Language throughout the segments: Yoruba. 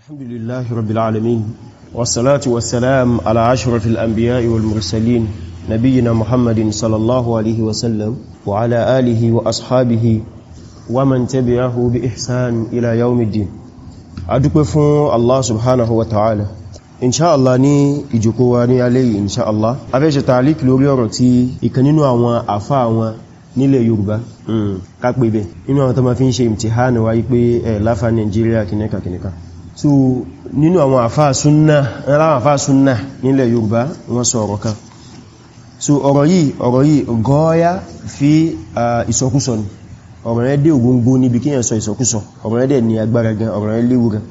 الحمد لله رب العالمين والصلاة والسلام على أشرف الأنبياء والمرسلين نبينا محمد صلى الله عليه وسلم وعلى آله وأصحابه ومن تبعه بإحسان إلى يوم الدين أدوك فون الله سبحانه وتعالى inṣáàlá ní ìjòkó wa ní alẹ́ yìí inṣáàlá afẹ́ṣẹ́ tààlík lórí ọ̀rọ̀ tí ìkan nínú àwọn àfá àwọn nílẹ̀ Yorùbá hmm, kápẹ́ bẹ̀ nínú àwọn tó ma fi ń ṣe ìmtìhánà wáyé pé ẹ̀ eh, láfà Nàìjíríà kìnẹ́kà kìnẹ́kà so nínú àwọn àfáà súnnà aláwọ̀ àfáà súnnà nílẹ̀ Yorùbá wọ́n sọ ọ̀rọ̀ kan so ọ̀rọ̀ yìí ọ̀rọ̀ yìí gọ́ọ́yá fi ìsọkúsọ ni ọ̀rọ̀ rẹ̀ dé ògóngó níbi kí yẹn sọ ìsọkúsọ ọ̀rọ̀ rẹ̀ dẹ̀ ní agbára gan ọ̀rọ̀ rẹ̀ léwu gan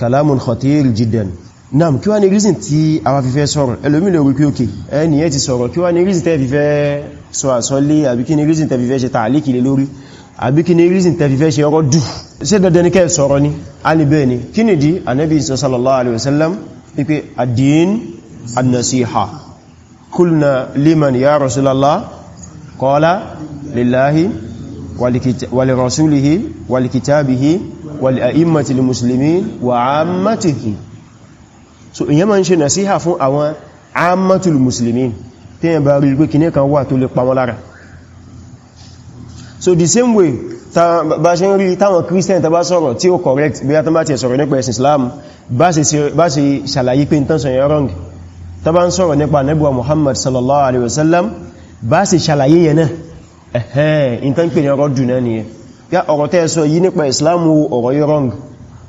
kalamun khatir jiddan nam kí wá ní reason tí àwa fi fẹ́ sọ̀rọ̀ ẹlòmí lè wípé òkè ẹni yẹn ti sọ̀rọ̀ kí wá ní reason tẹ́ fi fẹ́ sọ àsọ́lé àbí kí ní reason tẹ́ fi fẹ́ ṣe tààlíkì lé lórí àbí kí ni reason tẹ́fi fẹ́ ṣe ọkọ̀ dù ṣe dandan ní kẹ́ sọ̀rọ̀ ní alìbẹ̀ ni kí ni dí anábi sallallahu alaihi wasallam wípé ad-din an-nasiha kulna liman ya rasulallah qala lillahi walirasulihi walikitabihi wal'a'immati muslimin wa ammatihi so ìyẹn ma ń ṣe nasiha fún àwọn ammatul muslimin tí yẹn bá rí pé kìnnìkan wà tó lè pa wọn lára so the same way bá ṣe ń rí táwọn christian tàbá sọ̀rọ̀ tí ó correct bí a tán bá ti sọ̀rọ̀ nípa ẹ̀sìn islam bá ṣe ṣàlàyé pé tán sọ̀rọ̀ wrong tàbá ń sọ̀rọ̀ nípa nẹ́bùwa muhammad sallallahu alaihi wasallam bá ṣe ṣàlàyé yẹn eh ẹ̀hẹ́ in tán pè ní ọ̀rọ̀ dùn náà nìyẹn ya ọ̀rọ̀ tẹ́ sọ yí nípa islam ọ̀rọ̀ yí wrong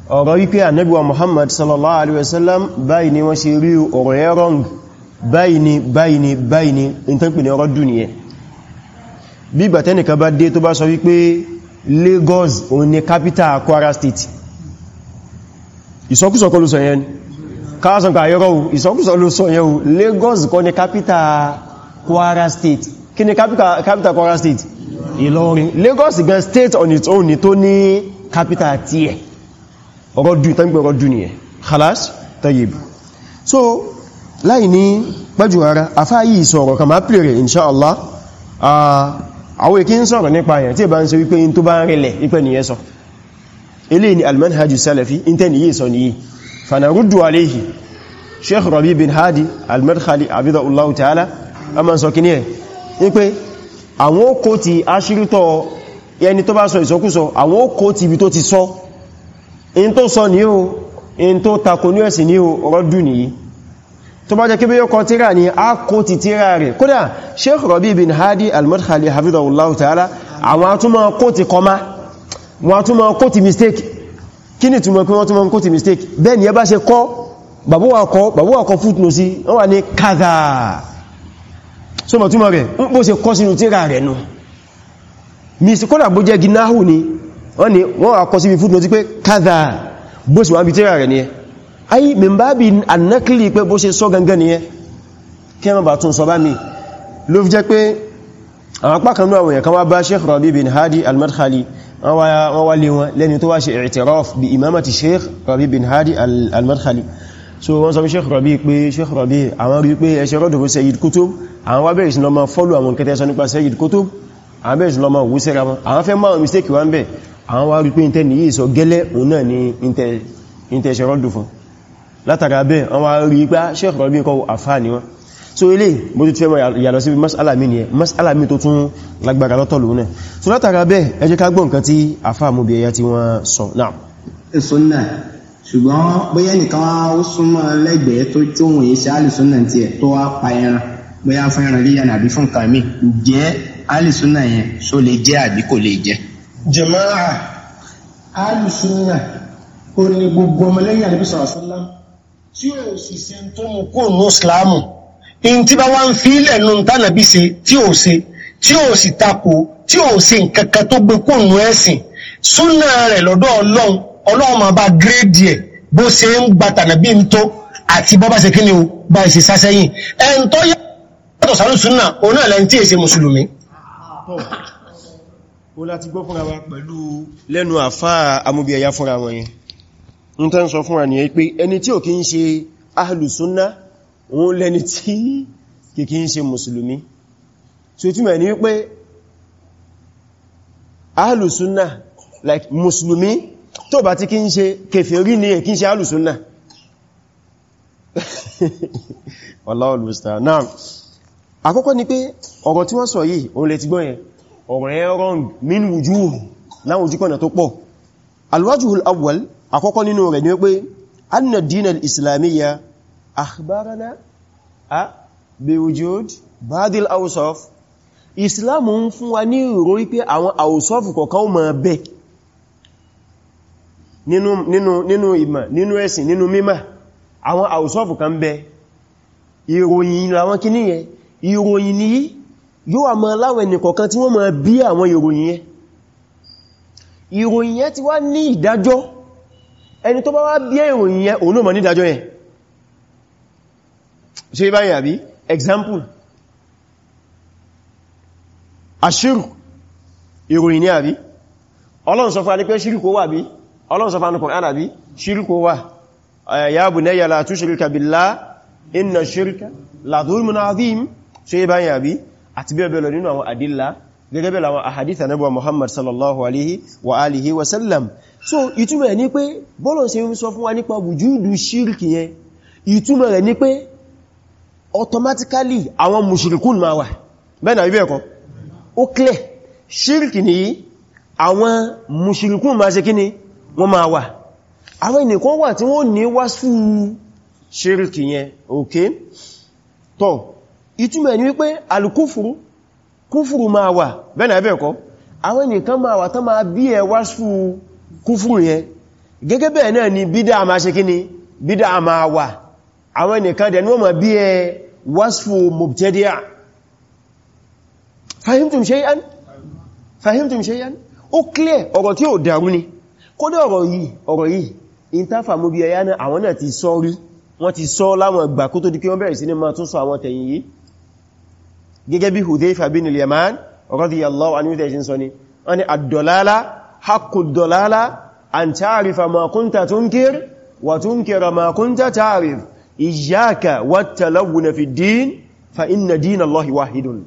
ọ̀rọ̀ wípé ànẹ́bùwa muhammad sallallahu alaihi wasallam bai ni wọ́n ṣe rí ọ̀rọ̀ yẹ wrong báyìí ni bai ni bai ni in tán pè ní ọ̀rọ̀ dùn nìyẹn bí ìgbà tẹ́nìkan bá dé tó bá sọ wípé Lagos òun ni capital Kwara State ìsọkúsọ kọ́ ló sọ yẹn káwàsàn kà yọ́rọ̀ ìsọkúsọ ló sọ yẹn Lagos kọ́ ni capital Kwara State kí ni capital Kwara State Ìlọrin Lagos gan state on its own ni tó ní capital tí ẹ̀ ọ̀rọ̀ dùn tán halas dùn so láì ní pẹ́jù ara afáyí ìsọ̀rọ̀ kàmá pèrè inṣáàlá àwọn èkí ń sọ̀rọ̀ nípa yẹn tí ìbá ń ṣe wípé in tó bá ń rẹlẹ̀ ipẹ́ nìyẹ sọ ilé ni almanhajjú salafi in tẹ́ nìyẹ sọ nìyí fanaruddu aléhì sheikh rabi bin hadi almadkhali abidahullahu ta'ala a ma ń sọ kí ní ẹ̀ ní pé àwọn okó ti aṣírítọ̀ ẹni tó bá sọ ìsọkúsọ àwọn okó ti ibi tó ti sọ in tó sọ ní o in tó takò ní ẹ̀sìn ní o rọ́dù tó bá jẹ́ kí bí yóò kọ tíra ní a kó ti tíra rẹ̀ kódà sheikh rabi bin hadi al-madkhali hafidhahullahu ta'ala àwọn atúmọ̀ kó ti kọmá wọn atúmọ̀ kó ti mistake kí ni túnmọ̀ pé wọ́n túnmọ̀ kó ti mistake bẹ́ẹ̀ ni ẹ bá ṣe kọ́ bàbúwà kọ footnote sí so mọ̀ túnmọ̀ rẹ̀ ń bó ṣe kọ́ sínú tíra rẹ̀ nù misi kódà bó jẹ́ ginahu ni wọ́n wà kọ síbi ni ayi min babi annakili pé bó ṣe sọ gangan nìyẹn kí ẹmọ bá tún sọ bá mi ló fi jẹ́ pé àwọn apá kanú àwọn èèyàn kan wá bá sheikh rabi bin hadi al-madkhali wọ́n wá lé wọn lẹ́ni tó wá ṣe i'tiraf bí imamati sheikh rabi bin hadi al-madkhali so wọ́n sọ bí sheikh rabi pé sheikh rabi àwọn rí pé ẹṣẹ́ rọ́dù fún sayyid kutub àwọn wá bẹ̀rẹ̀ sí lọ máa fọ́lù àwọn kẹtẹ́ sọ nípa sayyid kutub àwọn bẹ̀rẹ̀ sí lọ máa wúsẹ́ ra wọn àwọn fẹ́ máa mistake wá ń bẹ̀ àwọn wá rí pé intẹ́ nìyí sọ gẹ́lẹ́ òun náà ni intẹ́ ṣe rọ́dù fún látara bẹ́ àwọn rí pé ah, Sheikh Rabi kọ́ àfáà ni wọ́n so ilé bó ti fẹ́ mọ̀ yàlọ sí mas'ala mi nìyẹn mas'ala mi tó tún lágbára lọ́tọ̀ lónà so látara bẹ́ ẹ jẹ́ ká gbọ́ nǹkan tí àfáà mú bí ẹyà tí wọ́n sọ náà sunnah ṣùgbọ́n bóyá nìkan ó súnmọ́ lẹ́gbẹ̀ẹ́ tó tó wọ̀nyí sí alìsúnnà tí ẹ̀ tó wá pa ẹran bóyá fún ẹran líyà nàbí fún nǹkan mi ǹjẹ́ ní gbogbo ọmọlẹ́yìn àdìbísọ̀ àṣọ́lá tí ò sì ṣe tó mú kó nù ìsìláàmù in tí bá wá ń fi ilẹ̀ nù tánàbí ṣe tí ò ṣe tí ò sì takò tí ò ṣe nǹkan kan tó gbé kó nù ẹ̀sìn súnà rẹ̀ lọ́dọ̀ ọlọ́run ọlọ́run máa bá gírèdì ẹ̀ bó ṣe ń gba tànàbí ń tó àti bọ́ bá ṣe kí ni o bá ṣe sásẹ́yìn ẹn tó yàtọ̀ sàrù súnà òun náà lẹ́ni tí èsè mùsùlùmí ó láti gbọ́ fúnra wa pẹ̀lú lẹ́nu àfáà amóbi ẹ̀yà fúnra wọn yẹn ń tán sọ fún wa nìyẹn pé ẹni tí ò kí ń ṣe ahlùsúnná òun lẹni tí kì kí ń ṣe mùsùlùmí tí ó túnmẹ̀ ní wípé ahlùsúnná like mùsùlùmí tó bá ti kí ń ṣe kèfèrí ní ẹ̀ kí ń ṣe ahlùsúnná Allahu ni pé ọ̀rọ̀ tí wọ́n sọ yìí òun lè ti gbọ́ yẹn ọ̀rọ̀ ẹ̀ wrong min wujuh láwọn ojúkọ̀nà tó pọ̀ alwajhul awwal àkọ́kọ́ nínú rẹ̀ ni wípé anna dina islamiyya akhbarana a bewujud badil awsaf islam ń fún wa ní ìrò wípé àwọn awsaf kọ̀kan ma bẹ nínú nínú nínú ìmọ̀ nínú ẹ̀sìn nínú mímọ̀ àwọn awsaf kan bẹ ìròyìn làwọn kíní yẹn ìròyìn ni yóò àmà láwọn ẹnìkọ̀kan tí wọ́n ma bí àwọn ìròyìn yẹn ìròyìn yẹn ti wá ní ìdájọ́ ẹni tó bá wá bí ìròyìn yẹn òun náà mọ̀ nídàjọ́ yẹn ṣe báyìí àbí example aṣírù ìròyìn ní àbí ọlọ́run sọ fún alẹ́pẹ́ ṣírù kó wà bí ọlọ́run sọ fún anukọ̀ án àbí ṣírù kó wà eh, ya bunayya la tushrika billah inna shirka la dhulmun adhim ṣe báyìí àbí àti bẹ́ẹ̀ lọ nínú àwọn àdílá gẹ́gẹ́ bẹ́ẹ̀ so ìtumọ̀ ẹ̀ ní pé bọ́lọ̀ ṣe ń sọ fún wa nípa wùjúdù ṣírìkì yẹn ìtumọ̀ rẹ̀ ní pé automatically àwọn mushrikun ma wà bẹ́ẹ̀nà ibẹ̀ ẹ̀kọ́ ó clear ṣírìkì ní àwọn mushrikun ma ṣe kíni wọ́n ma wà àwọn ènìyàn wà tí wọ́n ní wá fún ṣírìkì yẹn okay tó ìtumọ̀ ẹ̀ ní wípé alukúfùrú kúfùrú ma wà bẹ́ẹ̀nà ibẹ̀ ẹ̀kọ́ àwọn ènìyàn ma wà tán ma bí ẹ wá fún kúfùrù yẹn gẹ́gẹ́ bẹ́ẹ̀ náà ni bídá a máa ṣe kí ni bídá a máa wà àwọn ẹnìkan dẹ̀ ní wọ́n ma bí ẹ wasfu mubtadi'a fahimtum shay'an fahimtum shay'an ó clear ọ̀rọ̀ tí ó dàrú ni kódé ọ̀rọ̀ yìí ọ̀rọ̀ yìí in ta fàmú bí ẹyá náà àwọn náà ti sọ rí wọ́n ti sọ láwọn ìgbà kó tó di kí wọ́n bẹ̀rẹ̀ sí ní máa tún sọ àwọn tẹ̀yìn yìí gẹ́gẹ́ bí Hudhayfa bin al-Yaman radiyallahu anhu tẹ̀sí sọ ni wọ́n ni ad haqqud dalala an ta'rifa ma kunta tunkir wa tunkira ma kunta ta'rif iyyaka wat talawun fi din fa inna din allahi wahidun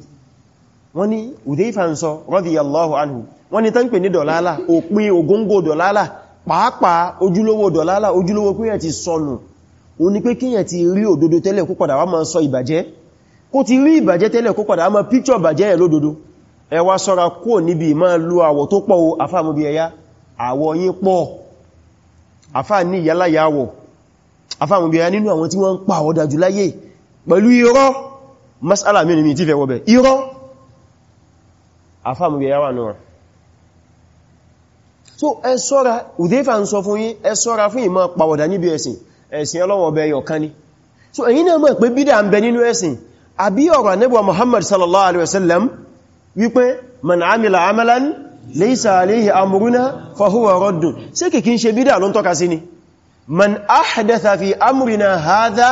wọ́n ní Udayfa ń sọ radiyallahu anhu wọ́n ní tán pè ní dọ̀lálà òpin ògóngó dọ̀lálà pàápàá ojúlówó dọ̀lálà ojúlówó kíyàn ti sọnù o ní pé kíyàn ti rí òdodo tẹ́lẹ̀ kó padà wá máa sọ ìbàjẹ́ ti rí ìbàjẹ́ tẹ́lẹ̀ kó padà wá máa píkṣọ̀ ìbàjẹ́ ẹ̀ ẹ wá sọ́ra kúrò níbi máa lo àwọ̀ tó pọ̀ àfáà mú bí ẹyá àwọ̀ yín pọ̀ àfáà ní ìyáláyàwọ̀ àfáà mú bí ẹyá nínú àwọn tí wọ́n ń pa àwọ̀ dájú láyé pẹ̀lú irọ́ masala mẹ́rin mi tí fẹ́ wọ́bẹ̀ so ẹ sọ́ra Udayfa ń sọ fún yín ẹ sọ́ra fún ìmọ̀ pàwọ̀dà níbi ẹ̀sìn ẹ̀sìn ọlọ́wọ̀ so ẹ̀yin náà mọ̀ pé bídà ń bẹ nínú ẹ̀sìn àbí ọ̀rọ̀ ànábì Muhammad wípé man amila amalan laysa alayhi amruna fahuwa raddun ṣé kìkí ṣe bídà ló ń tọ́ka sí ni man ahdatha fi amrina hadha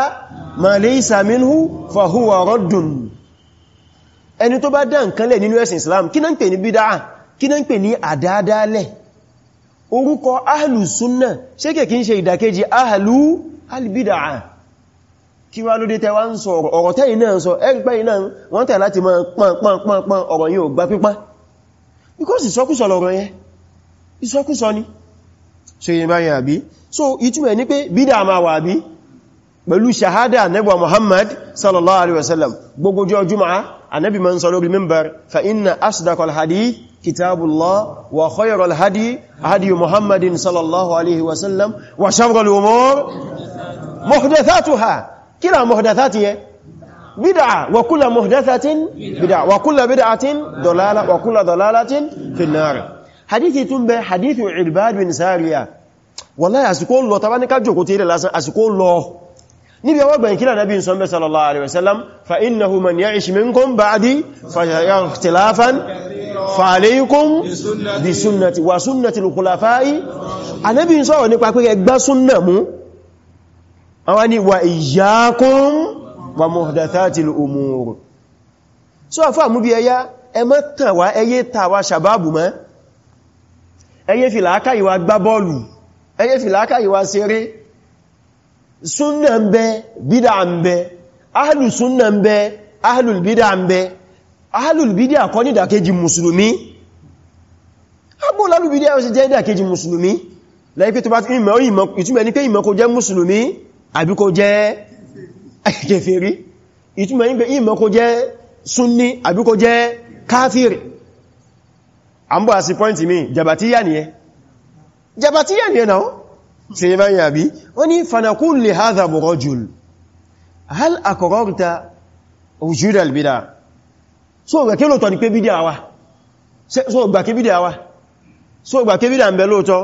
ma laysa minhu fahuwa raddun ẹni tó bá dá nǹkan lẹ̀ nínú ẹ̀sìn islam kí náà ń pè ní bídà kí náà ń kí wá lóde tẹwa ń sọ ọ̀rọ̀ tẹ́yìn náà sọ ẹgbẹ́ iná wọ́n tẹ̀ láti mọ́ pọ̀npọ̀npọ̀n ọ̀rọ̀ yìí ò gbá pípá because ìsọkúsọ lọ̀rọ̀ yẹn ìsọkúsọ ni so yìí máa wà bí pẹ̀lú shahada anẹ́bà Muhammad sallallahu alaihi wasallam gbogbo jọ juma'a anẹ́bì ma ń sọ lórí mimbar fa inna asdaqal hadith kitabullah wa khayral kílà muhdathati yẹ bídà wa kullu muhdathatin bídà wa kullu bídàtín dọ̀lálà wa kullu dọ̀lálátín fìnnàrì hadithi tún bẹ hadithi Irbad bin Sariya wallahi àsìkò lọ tàbá ní kájòkó tí ilẹ̀ lásán àsìkò lọ níbi ọwọ́ gbẹ̀yìn kílà nabi sọ́mẹ́ sallallahu alaihi wasallam fa innahu man ya'ish minkum ba'di fa yara ikhtilafan fa alaykum bi sunnati wa sunnati al-khulafa'i anabi sọ́rọ̀ nípa pé ẹgbá súnnà mú àwọn ni wà ìyákún wà muhdathatil umur so àfá mú bí ẹyá ẹ má tàn wá ẹyẹ tàwà sàbábù mọ́ ẹyẹ fìlàákà ìwà gbá bọ́ọ̀lù ẹyẹ fìlàákà ìwà seré súnnà ń bẹ bídà ń bẹ ahàlù súnnà ń bẹ ahàlù bídà ń bẹ ahàlù bídà kọ́ ní ìdàkejì mùsùlùmí ìtumẹ̀ ní pé ìmọ̀ kò jẹ́ mùsùlùmí àbí kó jẹ́ kèfèrí ìtumọ̀ yí pé ìmọ̀ kó jẹ́ súnní àbí kó jẹ́ káfírì a ń bọ̀ mi jabatíyà nìyẹn jabatíyà nìyẹn náà ṣe yẹ báyìí àbí wọ́n ni fanakun li hadha rajul hal akọrọ̀ta wujud so gbà kí lóòtọ́ ni so gbà kí bídí so gbà kí bídí à ń bẹ lóòtọ́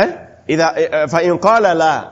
eh idha fa in qala la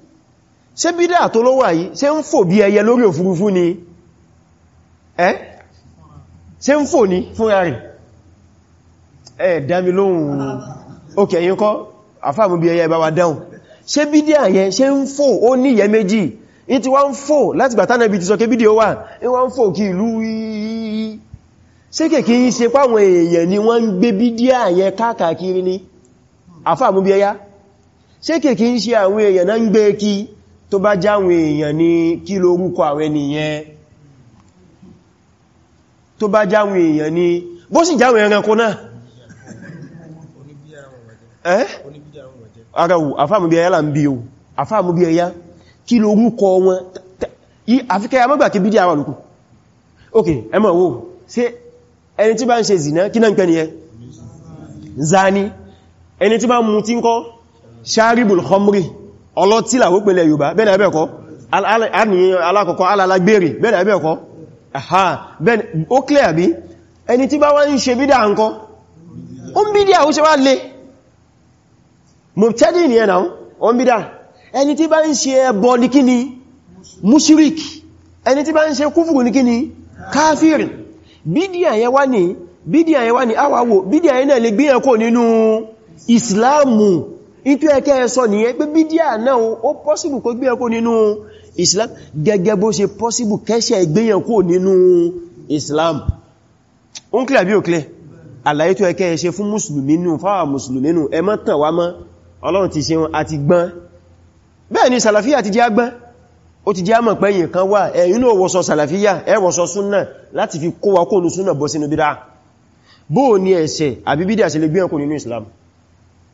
ṣe bídá tó ló wà yìí ṣe ń fò bí ẹyẹ lórí òfurufú ni ẹ́ ṣe ń fò ní fúnra rẹ̀ ẹ̀ dámi lóhun òkè yín kọ́ àfáàmù bí ẹyẹ bá wa dáhùn ṣe bídá yẹn ṣe ń fò ó ní ìyẹ́ méjì in ti wá ń fò ṣe kèkè ni wọ́n ń gbé bídíà yẹn káàkiri ní àfáàmú ṣe àwọn èèyàn náà ń gbé kí tó bá jáwọn èèyàn ní kí ló orúkọ àwọn ènìyàn tó bá jáwọn èèyàn ní bó sì jáwọn ẹranko náà ẹ́ ara wù àfáàmù bí ẹyá là ń bí o àfáàmù bí ẹyá kí ló orúkọ wọn àfikẹ́ zani ẹni tí bá mú ọlọ́tílà ó pẹ̀lẹ̀ Yorùbá bẹ́ẹ̀ ẹ̀bẹ̀ẹ̀kọ́ alákọ̀ọ́kọ́ alalagbèrè bẹ́ẹ̀ ẹ̀bẹ̀ẹ̀kọ́ aha bẹ́ẹ̀ ó clear bí ẹni tí bá wá ń ṣe bídá ǹkọ́ ó ń bídá ó ṣe wá lè mọ̀tẹ́dì ní ẹ̀nà ó ń bídá ẹni tí bá ń ṣe ẹbọ ní kíni mushrik ẹni tí bá ń ṣe kúfùrù ní kíni káfírì bídíà ìtú ẹ̀kẹ́ ẹ̀sọ nìyẹn pé bídíà náà ó pọ́sìbù kó gbé ẹkó nínú Islam gẹ́gẹ́ bó ṣe pọ́sìbù kẹ́ṣẹ̀ ìgbéyànkó nínú Islam ó ń kílẹ̀ bí ó kílẹ̀ àlàyé tó ẹ̀kẹ́ ẹ̀ṣẹ́ fún mùsùlùmí nù fáwà mùsùlùmí nù ẹ má tàn wá mọ́ Ọlọ́run ti ṣe wọn àti gbọ́n bẹ́ẹ̀ ni sàlàfíà ti jẹ́ agbọ́n ó ti jẹ́ àmọ̀ pẹ́yìn kan wà ẹ̀yìn náà ni ẹ̀ṣẹ̀ àbí bídá ṣe nínú Islam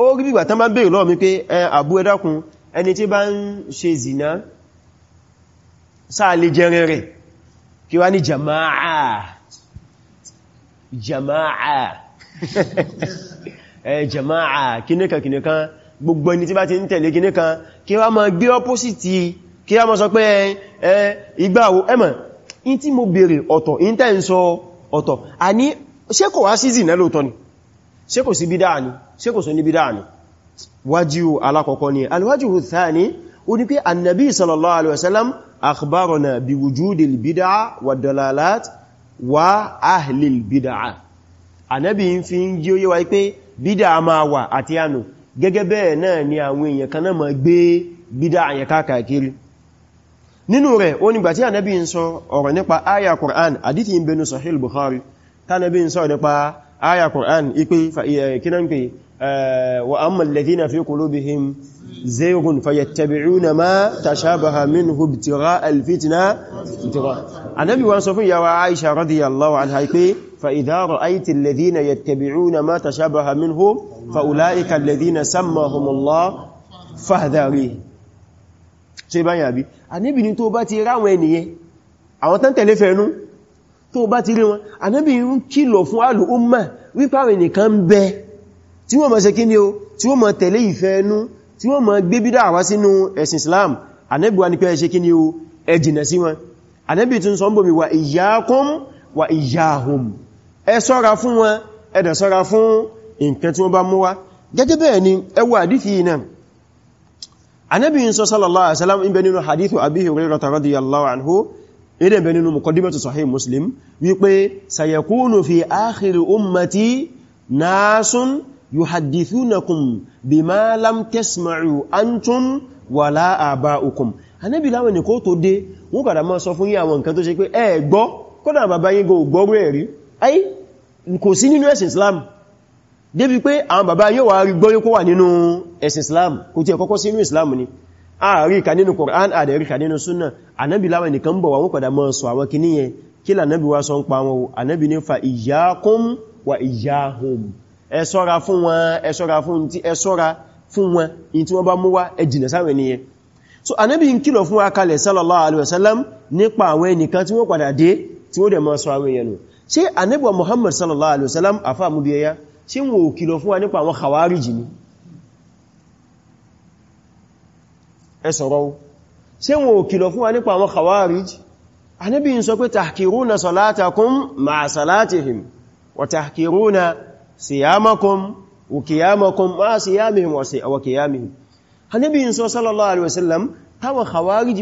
ó rí bí ìgbà tán bá béèrè lọ́wọ́ mi pé àbú ẹ dákun ẹni tí bá ń ṣe zìná sáà lè rẹ̀ kí wá ní jama'a jama'a jama'a kíníkan kíníkan gbogbo ẹni tí bá ti ń tẹ̀lé kíníkan kí wá máa gbé ọpósìtì kí wá máa sọ pé ìgbàwo ẹmọ̀ in tí mo béèrè ọ̀tọ̀ in tẹ́ ń sọ ọ̀tọ̀ àní ṣé kò wá ṣé kò sí bídáà ni ṣé kò sí ní bídáà ni wájú alákọ̀ọ́kọ́ ni alwájú thani ó ní pé annabi sallallahu alaihi wasallam akhbarana bi wujudil bid'a wa dalalat wa ahlil bid'a annabi ń fi ń jí óyé wa pé bídáà máa wà àti ànù gẹ́gẹ́ bẹ́ẹ̀ náà ni àwọn èèyàn kan náà máa gbé bídáà yẹn káàkiri nínú rẹ̀ ó nígbà tí annabi ń sọ ọ̀rọ̀ nípa aya Qur'an àdìtì ń bẹnu Sahih tánàbí ń sọ nípa aya Qur'an ipe eh, kinan pe eh, wa ammal ladhina fi qulubihim zayghun fayattabi'una ma tashabaha minhu ibtigha'a alfitna ibtigha'a Ànábì wa sọ fún yawa Aisha radiyallahu anha ipe fa idha ra'ayti alladhina yattabi'una ma tashabaha minhu fa ulaika alladhina sammahum Allah fahdhari ṣe ban ni tó bá ti rawon ènìyàn àwọn tan tẹ̀lé fẹ́nu tó bá ti rí wọn anábì ń kìlọ̀ fún alù umma wípé àwọn nìkan ń bẹ tí wọ́n máa ṣe kíni o tí wọ́n máa tẹ̀lé ìfẹ́ ẹnu tí wọ́n máa gbé bídá wá sínú ẹ̀sìn Islam anábì wa ní pé ṣe kíni o ẹ jìnà sí wọn anábì tún sọ ń bòmí wa iyyakum wa iyyahum ẹ ṣọ́ra fún wọn ẹ dẹ̀ ṣọ́ra fún nǹkan ni ẹ wo àdífì náà anábì ń sọ sallallahu alaihi wasallam ń bẹ nínú anhu ilé ìbẹ̀ nínú muqaddimatu sahih muslim wípé sayakunu fi akhiri ummati nasun yuhaddithunakum bima lam tasma'u antum wala aba'ukum anábi láwọn ní kó tó dé wọ́n kàdà máa sọ fún yín àwọn nǹkan tó ṣe pé ẹ gbọ́ kódà bàbá yín go gbọ́rú ẹ̀rí ayi kò sí nínú ẹ̀sìn ààrí ìkà nínú Qur'an àdẹ̀ ríkà nínú súnà anábi láwọn nìkan bọ̀ wọn kọ̀dá mọ́ sọ àwọn kìíní yẹn kí lànábi wá sọ ń pa wọn anábi ní fa iyyakum wa iyyahum ẹ ṣọ́ra fún wọn ẹ ṣọ́ra fún tí ẹ ṣọ́ra fún wọn in tí wọ́n bá mú wá ẹ sáwọn ènìyàn so anábi ń kìlọ̀ fún akalẹ̀ alaihi wasallam nípa àwọn ẹnìkan tí wọ́n padà dé tí wọ́n dẹ̀ Muhammad sallallahu alaihi wasallam afá mú bí ẹyá ṣe wọn ò kìlọ̀ fún ẹsọ̀rọ̀ ṣe wọn ò kìlọ̀ fún wa nípa àwọn khawarij anábi ń sọ pé tahkiruna salatakum ma salatihim wa tahkiruna siyamakum wa qiyamakum ma siyamihim wa qiyamihim anábi ń sọ sallallahu alaihi wasallam táwọn khawarij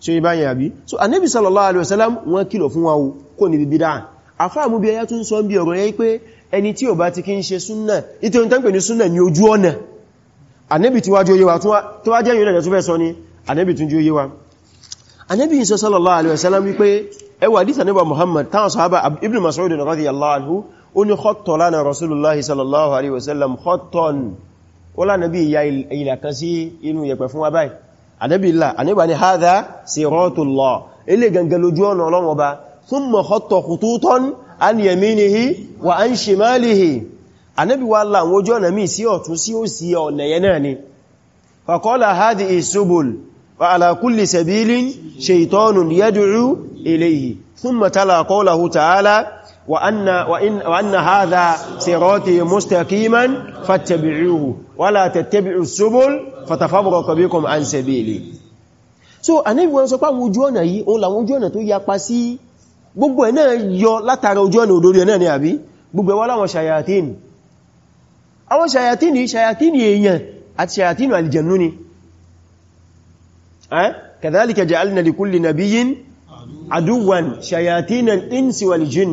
so yi bayan abi so anabi sallallahu alaihi wasallam wọ́n kìlọ̀ fún wa kò ní bid'a afa mu bi aya tún sọ bí ọ̀rọ̀ yẹn pé ẹni tí ó bá ti kin ṣe sunna ite on tan pè ní sunna ní ojú ọ̀nà anabi tí wá jọ yé tó wá sallallahu alaihi wasallam wí pé ẹ wá hadith muhammad ta sahaba ibn mas'ud radiyallahu anhu rasulullah sallallahu alaihi wasallam khattan wala nabi ya ila kan sí inú yẹ̀pẹ̀ àdẹ́bìlá àníbà ní haza siratullah ilé gangan lójú ọ̀nà ọlọ́run ọba thumma khatta khututan an yaminihi wa an shimalihi àníbìwà láwọn ojú ọ̀nà míì sí ọ̀tún sí ó sí ọ̀nà yẹn náà ni faqala hadhihi subul wa ala وأن, وإن وأن هذا صراطي مستقيما فاتبعوه ولا تتبعوا السبل فتفرق بكم عن سبيلي so anabi wọn sọ pé àwọn ojú ọ̀nà yìí òun làwọn ojú ọ̀nà tó yapa sí gbogbo ẹ̀ náà yọ látara ojú ọ̀nà òdodo náà ni àbí gbogbo ẹwọ́ láwọn ṣayatíni àwọn ṣayatíni ṣayatíni èèyàn àti ṣayatíni alìjẹ̀nú ni kadhalika ja'alna likulli nabiyyin aduwan ṣayatínan insi wal jinn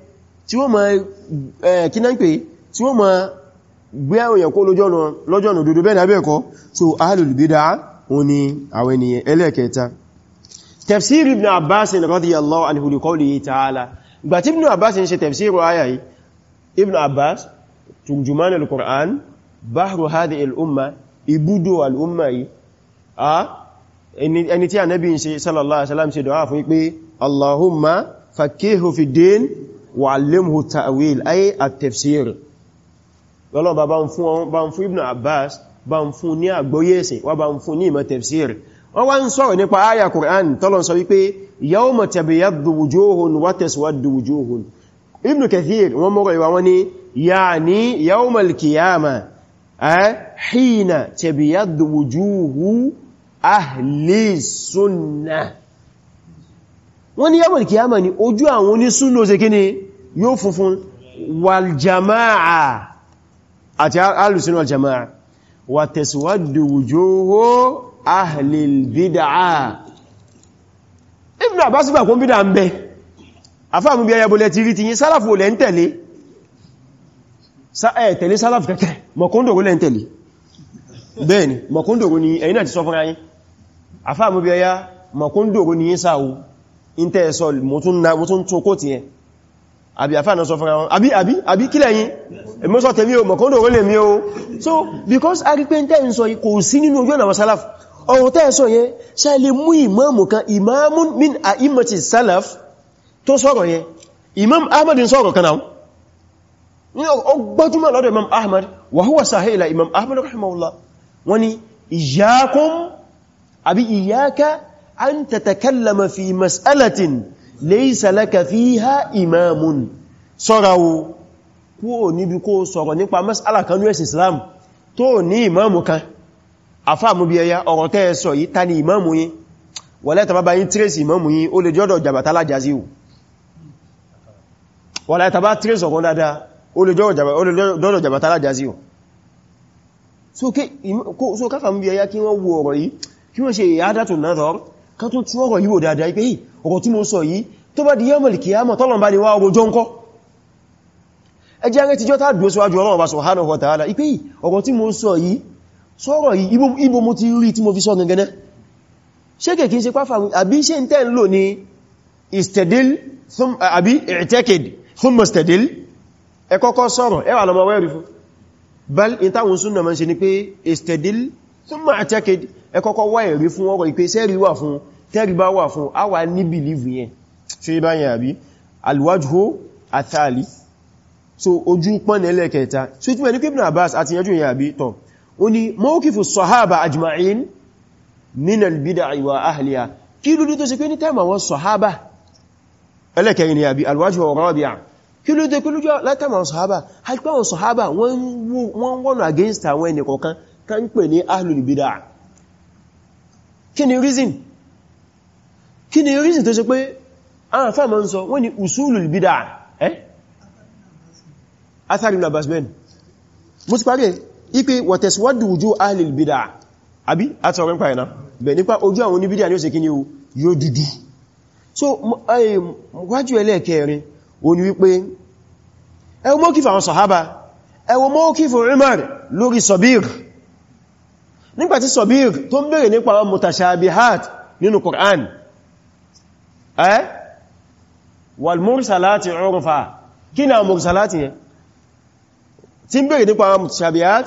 tí wọ́n ma kí náà ń pè tí wọ́n ma gbé àwọn èèyàn kó lọ́jọ́nà dúdú bẹ́ẹ̀ nàbẹ́ ẹ̀kọ́ so ahlul bid'a òun ni àwọn ènìyàn ẹlẹ́ẹ̀kẹta tafsir ibn abbas radiyallahu anhu li qawlihi ta'ala gbà tí ibn abbas ń ṣe tafsir ayà yìí ibn abbas turjuman al-qur'an bahru hadhihi al-umma ibùdó al-umma yìí a ẹni tí ànábì ń ṣe sallallahu alaihi wasallam ṣe du'a fún pé allahumma fakkihhu fi din wa'allimhu ta'wil ay at-tafsir lọ́lọ́ bá ń fún wọn bá ń fún ibn abbas bá ń fún ní àgbóyé ẹ̀sìn wá bá ń fún ní ìmọ̀ tafsir wọ́n wá ń sọ̀rọ̀ nípa àyà Qur'an tọ́lọ̀n sọ wípé yawma tabyaddu wujuhun wọ́n ní yàmọ̀ kìyàmọ̀ ni ojú àwọn onísúnnà ṣe kíni yóò funfun waljama'a àti alùsínú aljama'a wà tẹ̀síwájú wujuhu ahlil bid'ah Ibn Abbas gbà kó bídà ń bẹ afáàmù bí ayabọ̀lẹ̀ ti rí ti yí sálàfù olè ń tẹ̀lé tẹ̀lé sálàfù kẹ́kẹ́ mọ̀kúndògó lẹ́ ń tẹ̀lé bẹ́ẹ̀ni mọ̀kúndògó ni ẹ̀yìn àti sọ fún ayé afáàmù bí ayá mọ̀kúndògó ni yí sáwọ́ ìntẹ́ ẹ̀sọ́ mọ́tún tún kó ti ẹ àbí àfáànà sọ fúnra wọn àbí àbí àbí kílẹ̀ yìí ẹ̀mọ́sọ̀ tẹ̀mí o mọ̀kúndò ó lè mí o so because a rí pé tẹ́ ń sọ kò sí nínú ojú ọ̀nà salaf ọ̀rọ̀ tẹ́ sọ yẹ ṣe lè mú ìmáàmù kan ìmáàmù min àìmọ̀tí salaf tó sọ̀rọ̀ yẹ imam ahmad ń sọ̀rọ̀ kan náà ó gbọ́júmọ̀ lọ́dọ̀ imam ahmad wa huwa sahila imam ahmad rahimahullah wani iyakum àbí iyaka أن تتكلم في مسألة ليس لك فيها إمام صروا kúò níbi kó sọ̀rọ̀ nípa mas'ala kan ní ẹ̀sìn islam tó ní ìmáàmù kan àfáàmù bí ẹya ọ̀rọ̀ tẹ́ ẹ sọ yìí ta ni ìmáàmù yìí wà lẹ́ta bá bá yí tírèsì ìmáàmù yìí ó lè jọ́dọ̀ jàbàtà lájází ò wà lẹ́ta bá tírèsì ọ̀rọ̀ dáadáa ó lè jọ́dọ̀ jàbàtà lájází ò so káfàmù bí ẹya kí wọ́n wo ọ̀rọ̀ yìí kí wọ́n ṣe ìyádàtù nadhar kan tún tí ọ̀rọ̀ yíwò dáadáa ipé yìí ọ̀rọ̀ tí mo sọ yìí tó bá di yọ́mọ̀lì kìyàmọ̀ tọ́lọ̀mbá ni wá ọgbọ̀jọ́ ń kọ́ ẹjẹ́ rẹ̀ tíjọ́ tàbí oṣùwájú ọlọ́run bá subhanahu wa ta'ala ipé yìí ọ̀rọ̀ tí mo sọ yìí sọ́rọ̀ yìí ibo mo ti rí tí mo fi sọ gẹ́gẹ́ ṣé kèkí ṣe pàfà àbí ṣe ń tẹ́ ń bal ìtàwọn súnnà mọ́ ṣe ni pé súnmọ́ àtẹ́kẹ́dì ẹ kọ́kọ́ wá ẹ̀rí fún ọkọ̀ ìpé sẹ́rí wà fún tẹ́rí bá wà fún a wà ní bìlìfù yẹn ṣe bá yẹn àbí alwajhu athali so ojú pọ́n ẹlẹ́kẹta so tí mẹ́rin kíbìn Abbas àti yẹjú yẹn àbí tọ́ o ni mawqifu sahaba ajma'in min albid'i wa ahliha kí ló dé tó ṣe pé ní tẹ́mà wọn sahaba ẹlẹ́kẹrin ni àbí alwajhu rabi'a kí ló dé kí ló jọ látàmà sahaba hajjpá wọn sahaba wọ́n wọ́n against àwọn ẹnìkọ̀ọ̀kan tán pè ní ahlul kí ni reason kí ni reason tó ṣe pé àwọn àfáà máa ń sọ wọ́n ni usulul bid'ah eh athari ibn abbas ben mo ti parí ipe wọ̀tẹ̀síwádìí ojú ahlul bid'ah àbí àtọ̀rọ̀ nípa ẹ̀nà bẹ̀ nípa ojú àwọn oníbídà ní ó ṣe kí ni ó yóò dúdú so wájú ẹlẹ́ẹ̀kẹrin o ni wípé ẹwọ mọ́kífà àwọn sàhábà ẹwọ mọ́kífà Umar lórí Sabir nígbàtí Sabir tó ń bèèrè nípa àwọn mutashabihat nínú Qur'an ẹ́ walmursalati urfa kí ni àwọn mursalati yẹn tí ń bèèrè nípa àwọn mutashabihat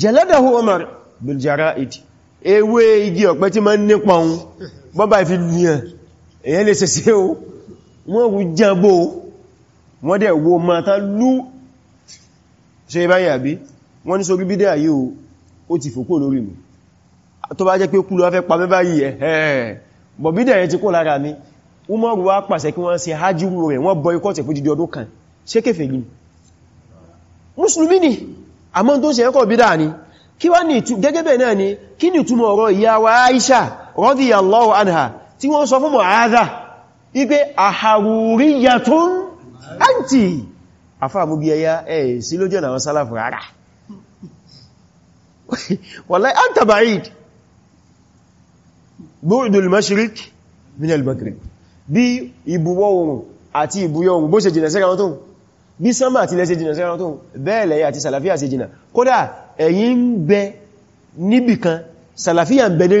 jaladahu Umar bil jara'id ewé igi ọ̀pẹ tí ma ń nípa ohun bọ́bá ìfi nìyàn èyàn lè ṣẹ̀ṣẹ̀ o wọ́n wù jẹ́bó wọ́n dẹ̀ wo mata lú ṣe ibáyàbí wọ́n ní sórí bídẹ̀ yìí ó ti fòkó lórí mi tó bá jẹ́ pé kú lọ fẹ́ pa mẹ́bá yìí ẹ̀ẹ́ bọ̀bídẹ̀ yẹn ti kó lára mi umaru wá pàṣẹ kí wọ́n ṣe hajjúrú rẹ̀ wọ́n bọ ikọ́ tẹ̀ fún ọdún kan ṣé kéfè ni mùsùlùmí ni tó ṣe ẹ̀kọ́ bídà ni kí wá ní gẹ́gẹ́ náà ni kí ni túmọ̀ ọ̀rọ̀ ìyá wa Aisha anha tí wọ́n sọ fún wípé anti ẹ̀ sí náà sálàfù rárá wallahi anta ba'id bu'dul mashriq min al-maghrib bí ìbúwọ̀ oòrùn àti ìbúyọ̀ oòrùn bó ṣe jìnà síra tó bí sánmà àti ilẹ̀ ṣe jìnà síra tó bẹ́ẹ̀ lẹ́yìn àti sàlàfíà ṣe jìnà kódà ẹ̀yin ń bẹ níbìkan sàlàfíà ń bẹ ní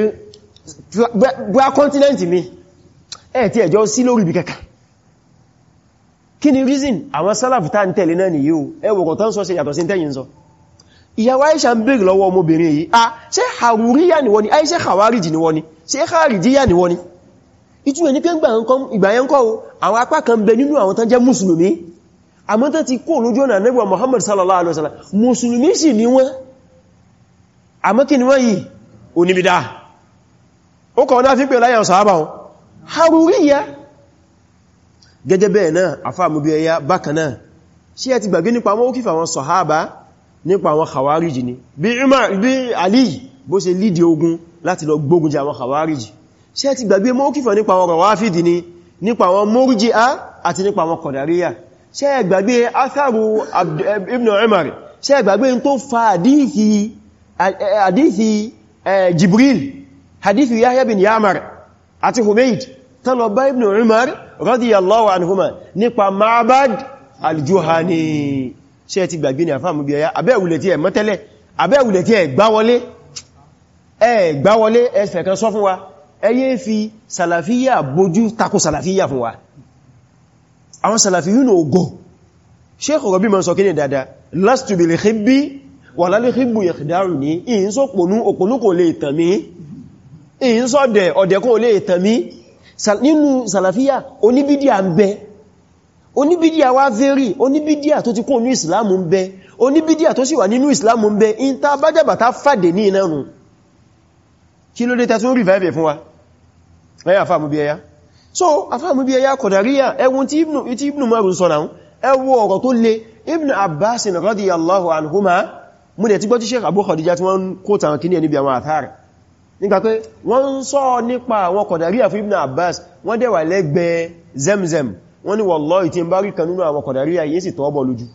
gbá kọ́ntínẹ́ntì mi ẹ̀ tí ẹjọ́ sí lórí bí kẹkà kí ni reason ìyàwó aisha ń bèèrè lọ́wọ́ ọmọbìnrin yìí a ṣe haruriya ni wọ́n ni aisha khawariji ni wọ́n ni ṣe kharijiya ni wọ́n ni ìtúwẹ̀ ní pé ìgbàyẹnkọ́ àwọn apá kan bẹ nínú àwọn tán jẹ́ mùsùlùmí àmọ́ muhammad sallallahu alaihi wasallam mùsùlùmí ni wọ́n àmọ́ kí ni wọ́n yìí oníbìdá ó kọ̀ náà fi pè láyàn sàábà wọn haruriya gẹ́gẹ́ bẹ́ẹ̀ náà afáàmúbí ẹya bákan náà ṣe ẹ ti gbàgbé nípa àwọn khawariji ni bí Umar bí Ali bó ṣe lídi ogun láti lọ gbógun jẹ àwọn khawariji ṣe ti gbàgbé mọ́kífà nípa àwọn Rawafidi ni nípa àwọn Murji'a àti nípa àwọn Qadariyya ṣe gbàgbé atharu Ibn Umar ṣe gbàgbé tó fa hadithi eh, Jibril hadithi Yahya bin Yamar àti Humayd tán lọ bá ṣe ti gbàgbé ní àfáàmù bí ẹyá abẹ́ẹ̀wùlẹ̀ tí ẹ mọ́tẹ́lẹ̀ abẹ́ẹ̀wùlẹ̀ tí ẹ gbáwọlé ẹ gbáwọlé ẹsẹ̀ kan sọ fún wa ẹyé fi sàlàfíyà bójú takò sàlàfíyà fún wa àwọn sàlàfíyún dada lastu bil khibbi wà lálẹ́ khibbu yẹ̀kìdárù ní ìyìn sọ pònú òpònú kò lè tàn mí ìyìn sọ dẹ̀ ọ̀dẹ̀ oníbídíà wá vẹ́rí oníbídíà tó ti kún ní ìsìlámù ń bẹ oníbídíà tó sì wà nínú ìsìlámù ń bẹ in ta bá jàbàtà fàdé ní iná nù kí ló dé tẹ́tún revive fún wa ẹ̀yà afáàmù bí ẹyá so afáàmù bí ẹyá kọ̀dàríyà ẹwùn tí ibnu marun sọ náà ẹwọ ọ̀rọ̀ tó le ibnu abbas radiyallahu anhuma mú dẹ̀ tí abu khadija tí wọ́n kó tàn kí ní ẹni bí àwọn àtàrà nígbà pé abbas wọ́n dẹ̀ wà zemzem wọ́n ní wallahi tí ń bá rí kan nínú àwọn kọ̀dàrí ayé sì tọ́ bọ̀ lójú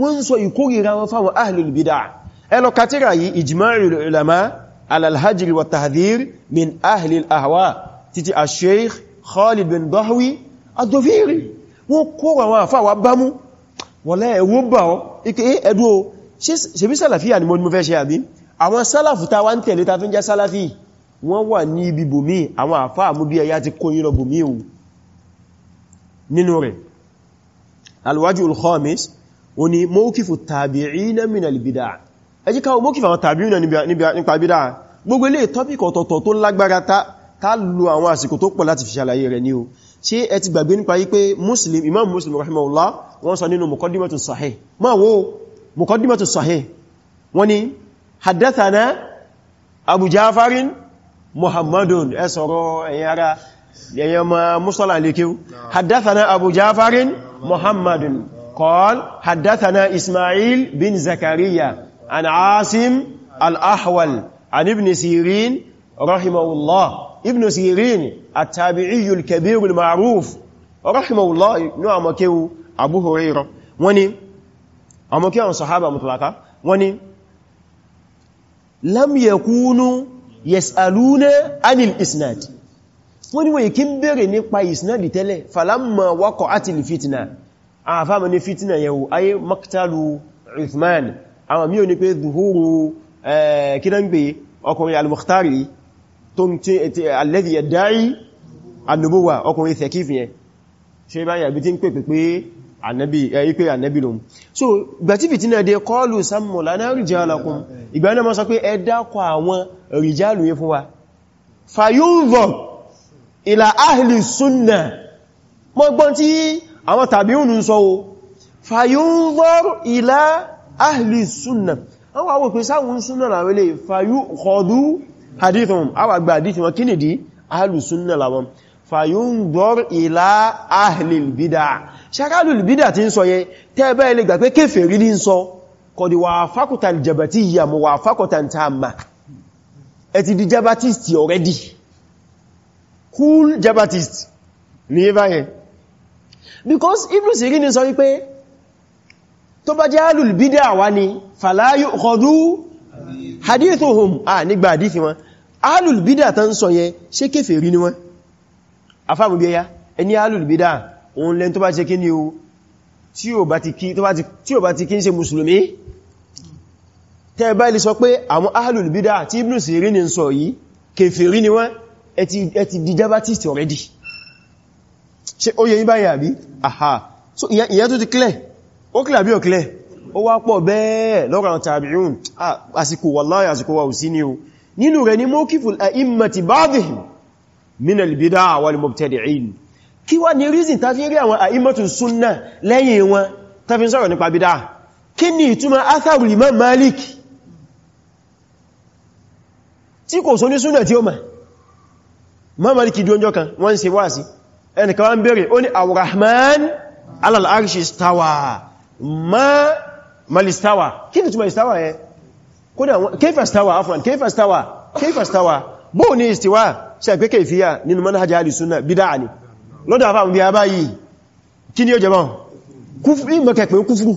wọ́n ń sọ ìkórìíra wọn fáwọn ahlul bid'ah ẹlọ katira yìí ijma'ul ulama alalhajri wa tahdhir min ahlil wọ́n wà ní ibi bòmí àwọn àfáà mú bí ẹyá ti kó yírọ bòmí ohun nínú rẹ̀ alwájú al-khamis o ni mọ́kífù tabi'ina min al-bid'a ẹjí káwọ mọ́kífù àwọn tabi'ina nípa bídá gbogbo ilé tọ́pìkì ọ̀tọ̀ọ̀tọ̀ tó lágbára ta lù àwọn àsìkò tó pọ̀ láti fi ṣàlàyé rẹ̀ ní o ṣe ẹ ti gbàgbé nípa yí pé muslim imam muslim rahimahullah wọ́n sọ nínú يما مصلى لكيو حدثنا أبو جعفر محمد قال حدثنا إسماعيل بن زكريا عن عاصم الأحول عن ابن سيرين رحمه الله ابن سيرين التابعي الكبير المعروف رحمه الله نعم كيو أبو هريرة وني أما كيو صحابة مطلقة وني لم يكونوا يسألون عن الإسناد wọ́n níwọ̀n yìí kí ń bèèrè nípa ìsìnàdì tẹ́lẹ̀ falamma wakọ̀ àti lè fitina àfáàmà ní fitina yẹ̀wò ayé maktalu uthman àwọn míò ní pé zuhuru kídángbé ọkùnrin al-mukhtari tó ń tí alẹ́dì yadda'i annubuwa ọkùnrin thakifin yẹn ṣe bá yàbí so ìgbà tí fitina dé qalu sammu lana rijalakum ìgbà náà mọ́ sọ pé ẹ dákọ̀ àwọn rijalu yẹn fún wa fayunzor ìlà ahìlì súnnà mọ́gbọ́n tí àwọn tàbí ònù sọ o fayúnzọ́rù ìlà ahìlì súnnà wọ́n wà wòpin sáwọn súnnà làwẹ́lẹ̀ fayú kọ̀dú hadithun awà gba hadith wọn kí nìdí ahìlì súnnà làwọn fayúnzọ́rù ìlà ahìlì bídà ṣakálù bídà ti ń sọ yẹ tẹ́ẹ̀bẹ́ ilẹ̀ gbà pé kéfèrí ní sọ kọ̀dí wà fákùtà jẹbàtí cool jebatist ní ẹbá yẹn because Ibn Sirin sọ wípé tó bá jẹ́ alùlùbídà wá ní fala yu'khadhu hadithuhum à nígbà hadithi wọn alùlùbídà tán sọ yẹ ṣe kéfèrí ni wọn afáàmù bí ẹya ẹni alùlùbídà òun lẹ́n tó bá ṣe kí ni o tí ó bá ti kí ń ṣe mùsùlùmí tẹ́ẹ̀bá ilé sọ pé àwọn alùlùbídà tí Ibn Sirin sọ yìí kéfèrí ni wọn ẹ ti di jabatist already ṣe ó yẹ yí báyìí àbí àhà so ìyẹn tó ti clear ó clear bí ó clear ó wá pọ̀ bẹ́ẹ̀ lọ́rọ̀ àwọn tàbíun àsìkò wallahi àsìkò wà sí ni o nínú rẹ̀ ní mọ́kífùl àìmọ̀tì ba'dihim min al-bid'a wal mubtadi'in kí wá ní reason ta fi rí àwọn àìmọ̀tù súnnà lẹ́yìn wọn ta fi sọ̀rọ̀ nípa bid'a kí ni ìtumọ̀ atharul imam malik tí kò sọ ní súnnà tí mọ́mọ̀lìkì jọjọ́ kan wọ́n ṣe wá sí ẹnìkan wọ́n bèèrè ó ní àwòrán alàlárìṣì stawa ma malistawa kí ni túnmọ̀ istawa ẹ kódà kéfà stawa afwan kéfà stawa kéfà stawa bó ní istiwa sí àgbé kéfìyà nínú manhaja alìsúnà bídá ni lọ́dọ̀ afá bí a báyìí kí ni ó jẹmọ́ ìmọ̀kẹ̀pẹ̀ kúfúrú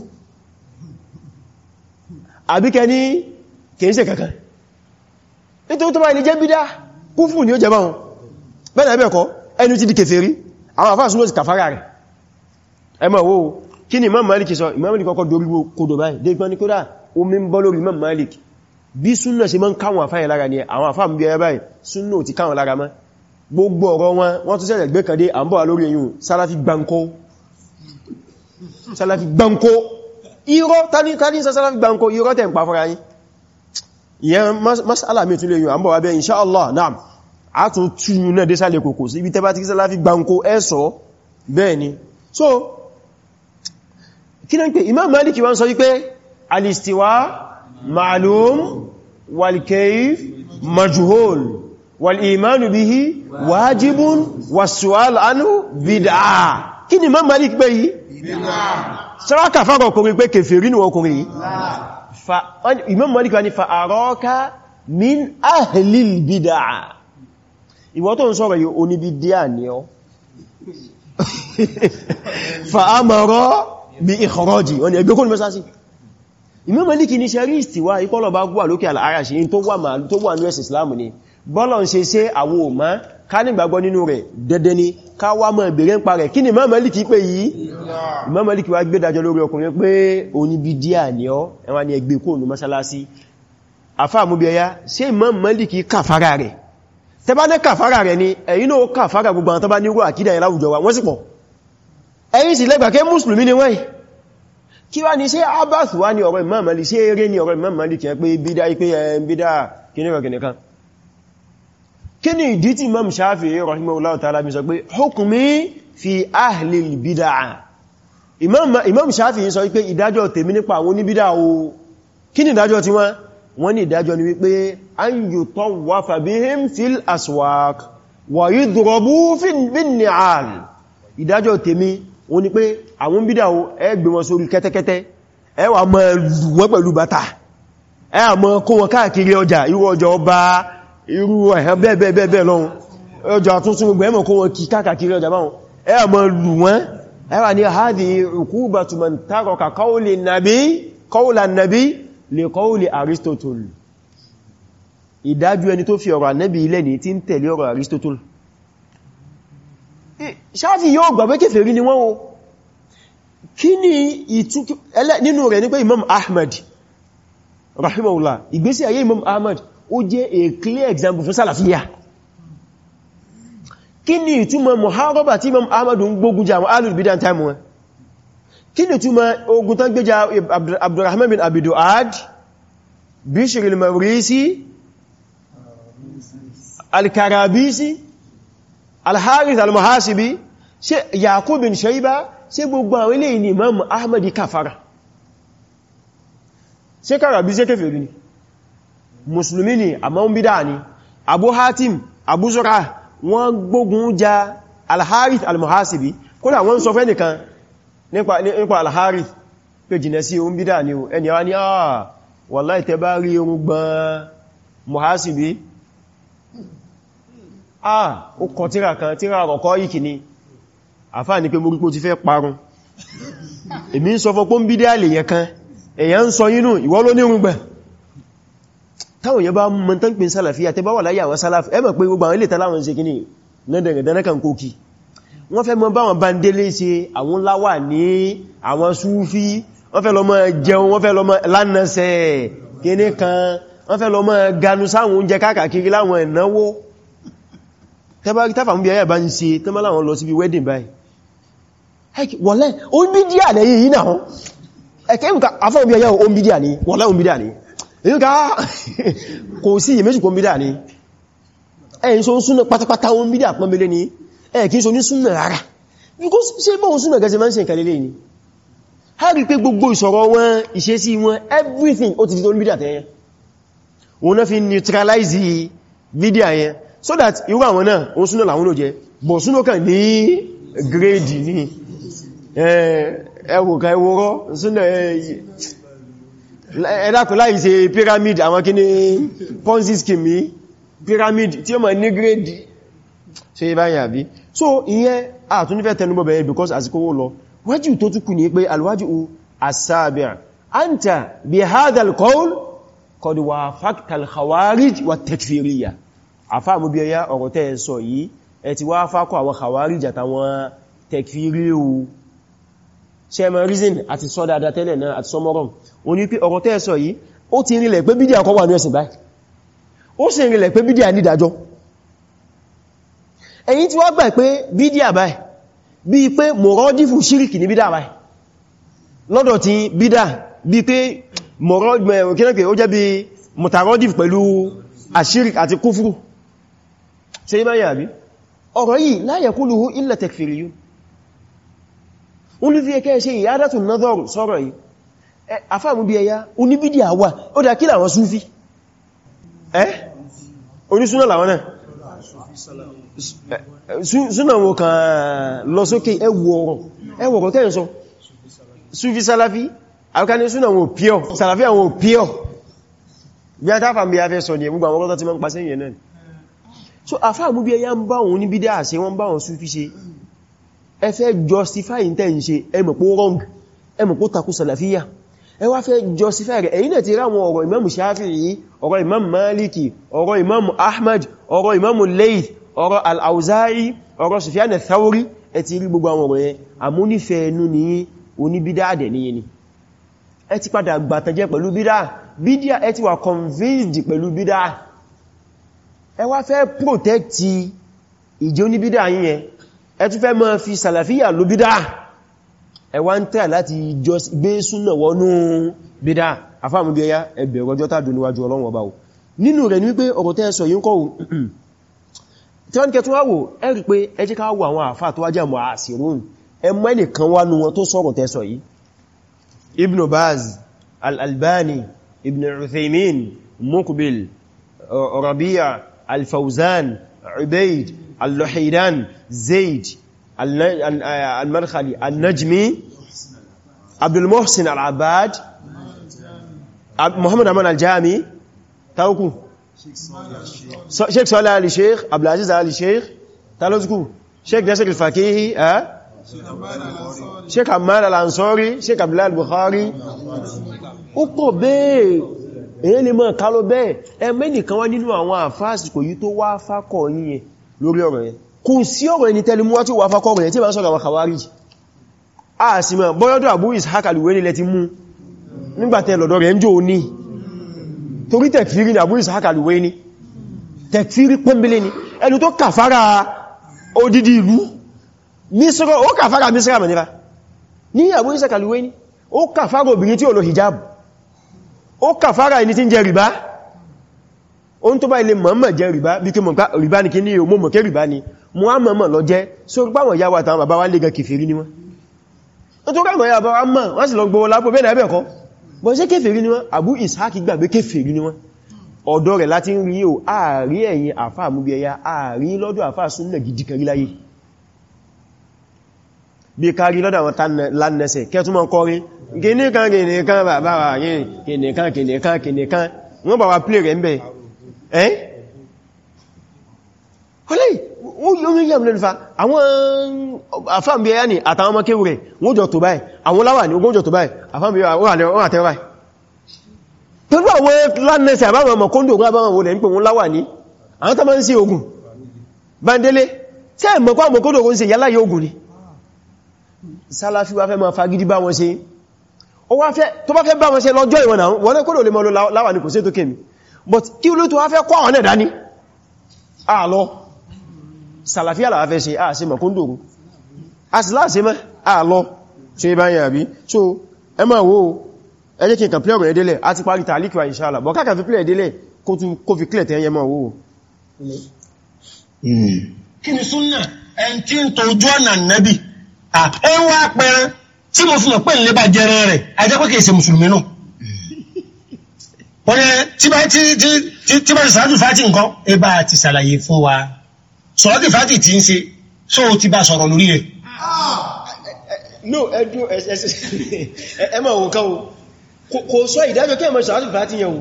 àbíkẹ́ ní kèése kankan nítorí tó bá ilé jẹ́ bídá ni ó jẹmọ́ bẹ́ẹ̀ náà bẹ́ẹ̀kọ́ ẹni tí di kèfèrí àwọn àfáà súnmọ́ sí kàfàrà rẹ̀ ẹmọ̀ wo kí ni Imam Malik sọ Imam Malik kọ́kọ́ dorí kodò báyìí dé gbọ́n ní kódà omi ń bọ́ lórí Imam Malik bí súnnà ṣe mọ́ ń káwọn àfáà lára ni àwọn àfáà ń bí ẹyẹ báyìí súnnà ti káwọn lára mọ́ gbogbo ọ̀rọ̀ wọn wọ́n tún sẹ́rẹ̀ gbẹ́kàndé à ń bọ̀ lórí ẹ̀yùn Salafi gbáǹkó Salafi gbáǹkó irọ́ tani tani sọ Salafi gbáǹkó irọ́ tẹ̀ ń pa fọ́ra yìí ìyẹn mas'ala mi tún lè yùn a tún túnú náà dé sálẹ̀ kòkò sí ibi tẹ́bá tí kí sálàfí gbáǹkó ẹ́sọ́ bẹ́ẹ̀ ni so kí náà pé Imam Malik wọ́n sọ wípé alistiwa ma'lum walkeif majhul wal'imanu bihi wajibun wasu'al anu bid'ah kí ni Imam Malik pé yìí sáraka fáwọn ọkùnrin pé kèfèrí ní ọkùnrin yìí Imam Malik wọ́n ni fa'araka min ahlil bid'ah ìwọ tó ń sọ̀rọ̀ yìí oníbídíà ni ọ́ fa'amọ̀rọ̀ bí ìkọ̀rọ̀jì wọ́n ni ẹgbẹ́ kún mẹ́sásí Imam Maliki ní ṣẹ́rí ìstíwá ìpọ́lọ̀bá gbà lókè al'arashi tó wà ní ẹ̀sì islamu ni bọ́lọ̀ ń ṣe ṣe àwọ òmá ká nígbàgbọ́ nínú rẹ̀ dẹ́dẹ́ ni ká wá mọ́ ìbẹ̀rẹ̀ ń pa rẹ̀ kí ni Imam Maliki pé yìí Imam wá gbé dájọ́ lórí ọkùnrin pé tẹbá ní kàfàrà rẹ̀ ni ẹ̀yin náà kàfàrà gbogbo àwọn tọba ní irú àkídà yẹn láwùjọ wa wọ́n sì pọ̀ ẹ̀yin sì lẹ́gbàá kí mùsùlùmí ni wọ́n kí wá ní ṣe abath wá ní ọ̀rọ̀ Imam Malik eré ní ọ̀rọ̀ Imam Malik kí pé bídá ipé bídá kìnnìkan kí ni Imam Imam Shafi'i sọ pé ìdájọ́ tèmi nípa àwọn oníbídà o kí ni ìdájọ́ tiwọn wọ́n ìdájọ́ ni wípé an yutawwafa bihim fil aswaq wa yudrabu bin ni'al ìdájọ́ tèmi ó ní pé àwọn bídà o ẹ gbé wọn sórí kẹ́tẹ́kẹ́tẹ́ ẹ wá máa lù wọ́n pẹ̀lú bàtà ẹ á máa kó wọn káàkiri ọjà irú ọjà ọba irú ẹ̀hàn bẹ́ẹ̀ bẹ́ẹ̀ bẹ́ẹ̀ lọ ọjà tuntun gbogbo ẹ máa kó wọn kí káàkiri ọjà báwọn ẹ ìdájú ẹni tó fi ọ̀rọ̀ ànẹ́bì ilẹ̀ ní tí ń tẹ̀lé ọ̀rọ̀ Aristotle ṣáàfì yóò gbà pé kèfèrí ni wọ́n o kí ni nínú rẹ̀ ní pé Imam Ahmad rahimahullah ìgbésí ayé Imam Ahmad ó jẹ́ a clear example fún sálàfíyà kí ni ìtumọ̀ muharaba tí Imam Ahmad ń gbógun jà àwọn alùbídàn time wọn kí ni ìtumọ̀ ogun tán gbéjà Abdurrahman bin Abi Du'ad Bishr al alkarabisi alharis almuhasibi ṣe yakub bin shaiba ṣe gbogbo àwọn ilé ni imam ahmadi kafara ṣe karabi ṣe kèfèrí ni musulmi ni àmọ́ ni abu hatim abu zura wọ́n gbógun ja alharis almuhasibi kódà wọ́n sọ fẹ́nìkan nípa alharis pé jìnà sí ohun bídá ni ẹni a ní àà ah, wallahi tẹ bá rí orun gbọ́n muhasibi ah ó kọ tíra kan tíra àkọ́kọ́ yìí kìíní àfáà ní pé mo rípo ti fẹ́ parun èmi ń sọ fọ́pọ́ ń bí dé àlè yẹn kan èyàn ń sọ yínú ìwọ́ ló nírun gbẹ̀ táwọn yẹn bá mọ́ tán pín sálàfí àti bá wà láyé àwọn sálàfí ẹ mọ̀ pé gbogbo àwọn ilé tàláwọn ṣe kìíní lẹ́dẹ̀rẹ̀dẹ̀rẹ̀kan kókí wọ́n fẹ́ mọ́ báwọn bá tẹbárí tàfà ń bí ayà bá ń ṣe tẹ́mọ́lá wọn lọ sí bí wedding báyìí wọ́lẹ́ o ń bí díà ní yìí náà ẹ̀kẹ́ ìmúka afọ́n bí ayà o ń bí díà ní wọ́lẹ́ o ń bí díà ní ìrúka kò sí ìmẹ́jù ni ha rí pé gbogbo ìsọ̀rọ̀ wọn everything ó ti di tó ń bí díà tẹ́yẹn wọn náà fi neutralize video yẹn so that irú àwọn náà oun súnà làwọn ló jẹ bọ̀ súnà kàn ní gírèdì ní ẹwùkà ẹwòrọ́ súnà ẹ̀dàkùn láì ṣe pyramid àwọn kí ní ponzi scheme pyramid tí ó mọ̀ ní gírèdì ṣe báyìí àbí so ìyẹn àtúnifẹ́ tẹnubọ̀ bẹ̀rẹ̀ because àsìkò wó lọ wájú tó túnkù ní pé alwájú asábíà anta bi hadha alqawl qad wafaqta alkhawarij wa takfiriyah àfáàmú bí ẹyá ọ̀rọ̀ tẹ́ ẹ sọ yìí ẹ ti wá fákọ̀ àwọn kàwárí jàtàwọn tẹ̀kìrí o ṣẹ́mọ̀ reason àti sọ dáadáa tẹ́lẹ̀ náà àti sọmọ́rọ̀m o ní pé ọ̀rọ̀ tẹ́ ẹ sọ yìí ó ti rinlẹ̀ pé bídíà kọ́ wà ní ẹ̀sìn báyìí ó sì rinlẹ̀ pé bídíà ní ìdájọ́ ti wá gbà pé bídíà báyìí bíi pé mọ̀rọ́dífù ṣíríkì ní bídà báyìí eh, àti kúfúrù ṣe ibá yàbí ọ̀rọ̀ yìí láyẹ̀ kúlùú ilẹ̀ tẹ̀kfìrí yìí olùfí ẹkẹ́ ṣe ìyádàtù nọ́dọ̀rù sọ́rọ̀ yìí afáàmù bí ẹya oníbídì àwà ó dá kí làwọn súnfí ẹ́ onísúnà làwọn náà súnà wọn kàn lọ sókè ẹwọ̀rọ̀ tẹ́ sọ súnfí sálàfí àwọkáni súnà wọn píọ̀ sálàfí àwọn píọ̀ bí a táfà bí a fẹ́ sọ ní ẹgbùgbà so afá mú bí ẹyá ń bá òun ní bídá àṣẹ wọ́n bá wọn súfí ṣe ẹ fẹ́ justify tẹ́ ń ṣe ẹ mọ̀ pó wrong ẹ mọ̀ pó takú sàlàfíyà ẹ wá fẹ́ justify rẹ̀ èyí náà ti ráwọn ọ̀rọ̀ imamu shafi'i ọ̀rọ̀ imam maliki ọ̀rọ̀ imam ahmad ọ̀rọ̀ imam leith, ọ̀rọ̀ al-auza'i ọ̀rọ̀ sufyan al-thawri ẹ ti rí gbogbo àwọn ọ̀rọ̀ yẹn àmúnífẹ́ ẹnu ní oníbídá àdẹ̀ níyẹn ni convinced pẹ̀lú bídá ẹ wá fẹ́ protecti ìjẹ́ oníbídà yíyẹn ẹ tún fẹ́ máa fi sàlàfíyà ló bídà ẹ wá ń tẹ́ láti jọ gbé súnà wọnú bídà afáàmù bí ẹyá ẹbẹ̀ rọjọ́ tàbí níwájú ọlọ́run ọba nínú rẹ̀ ní wípé ọ̀rọ̀ tẹ́ sọ yí ń kọ́ tí wọ́n kẹtún wáwò ẹ Al-Albani Ibn Uthaymin Muqbil Rabia الفوزان عبيد اللحيدان زيد المرخلي النجمي عبد المحسن العباد محمد عمان الجامي تاوكو شيخ صالح علي شيخ عبد العزيز علي شيخ تالوزكو شيخ ناصر الفقيهي شيخ عمال الانصاري شيخ عبد الله البخاري ó pọ̀ èyí lè mọ́ kálọ bẹ́ẹ̀ ẹ méjì kan wá nínú àwọn àfáàsìkò yìí tó wá fákọ̀ yìí lórí ọ̀rọ̀ yẹn kò sí ọ̀rọ̀ ẹni tẹ́lẹ̀ mú tí wà fákọ̀ rẹ̀ tí bá sọ̀rọ̀ àwọn kàwárí a sì mọ̀ bọ́yọ́dọ̀ àbú ìsáàkà lùwé nílẹ̀ ti mú nígbàtẹ̀ lọ́dọ̀ rẹ̀ ń jò ní torí tẹ̀kfírí ní àbú ìsáàkà lùwé ní tẹ̀kfírí pẹ́mbélé ní ẹni tó kàfàrà odidi ìlú ó kàfàrà mísírà mẹ́nira ní àbú ìsáàkà lùwé ní ó kàfàrà obìnrin tí hijab ó kàfàrà ẹni tí ń jẹ rìbá ó ń tó bá ilé mọ̀mọ̀ jẹ rìbá bí kí mọ̀ká rìbá ní kí ní o mọ̀mọ̀ kí rìbá ni mọ́ á mọ̀mọ̀ lọ jẹ́ só rí páwọn ìyá wa tàwọn bàbá wa lè gan kèfèrí ni wọ́n wa mọ̀ wọ́n sì lọ gbowó lápò bẹ́ẹ̀ náà bẹ́ẹ̀kọ́ bọ́ sí kèfèrí ni wọ́n Abu Ishaq gbàgbé kèfèrí ni wọ́n ọ̀dọ́ rẹ̀ láti ń rí o ààrí ẹ̀yìn àfà àmúbi ẹ̀yà ààrí lọ́dọ̀ àfà súnlẹ̀ gidi kan rí láyé bí kárí lọ́dọ̀ àwọn lánẹsẹ̀ kẹtùmọ̀ kọrin gìnìkan gìnìkan bàbá wà gìnìkan gìnìkan gìnìkan wọ́n bàbá plé rẹ̀ ń bẹ̀ ẹ́ ọlẹ́ orílẹ̀ ìlú fa àwọn afáàmìyà ní àtàwọn ọmọ kéwù rẹ̀ wọ́n jọ tó báyìí àwọn láwà ní ogójọ tó báyìí afáàmìyà wọ́n àtẹ́ báyìí pẹ̀lú àwọn lánẹ́sẹ̀ àbáwọn ọmọ kóndò bandele tẹ́ ẹ̀mọ̀kọ́ àmọ́kóndò wọn sí yálà yóò ogun ni sálàfíwá fẹ́ tó bá fẹ́ bá wọn ṣe lọ́jọ́ ìwọ̀n náà wọ́n kó lò lè mọ́ láwà ní kò sí tó kémi but kí ló tó wá fẹ́ kọ́ àwọn náà dání àlọ́ sàlàfíà làwà fẹ́ ṣe àṣímọ̀ kún dòrò àṣìláṣímọ̀ àlọ́ ṣe bá yẹn àbí so ẹ máa wo ẹ jẹ́ kí n kàn plẹ̀ ọ̀rọ̀ ẹdẹ́lẹ̀ àti parí tààlíkì wa inshallah bọ̀ káàkà fi plẹ̀ ẹdẹ́lẹ̀ wo hmm. kí ni súnnà ẹn tí ń tọ́jú ọ̀nà nẹ́bì àẹ́wà pẹ́rẹ́ tí mo fi hàn pé ńlẹ́ bá jẹran rẹ̀ ajá pé kì í ṣe mùsùlùmí nù. wọ́n yẹ tí bá ti ti tí bá ti sàlátù fati nǹkan ẹ bá ti ṣàlàyé fún wa sàlátù fati ti ń ṣe sọ o ti bá sọ̀rọ̀ lórí rẹ̀. no ẹ dún ẹ ẹ ẹ máa wò kán o kò sọ ìdájọ́ kí ẹ máa sàlátù fati yẹn o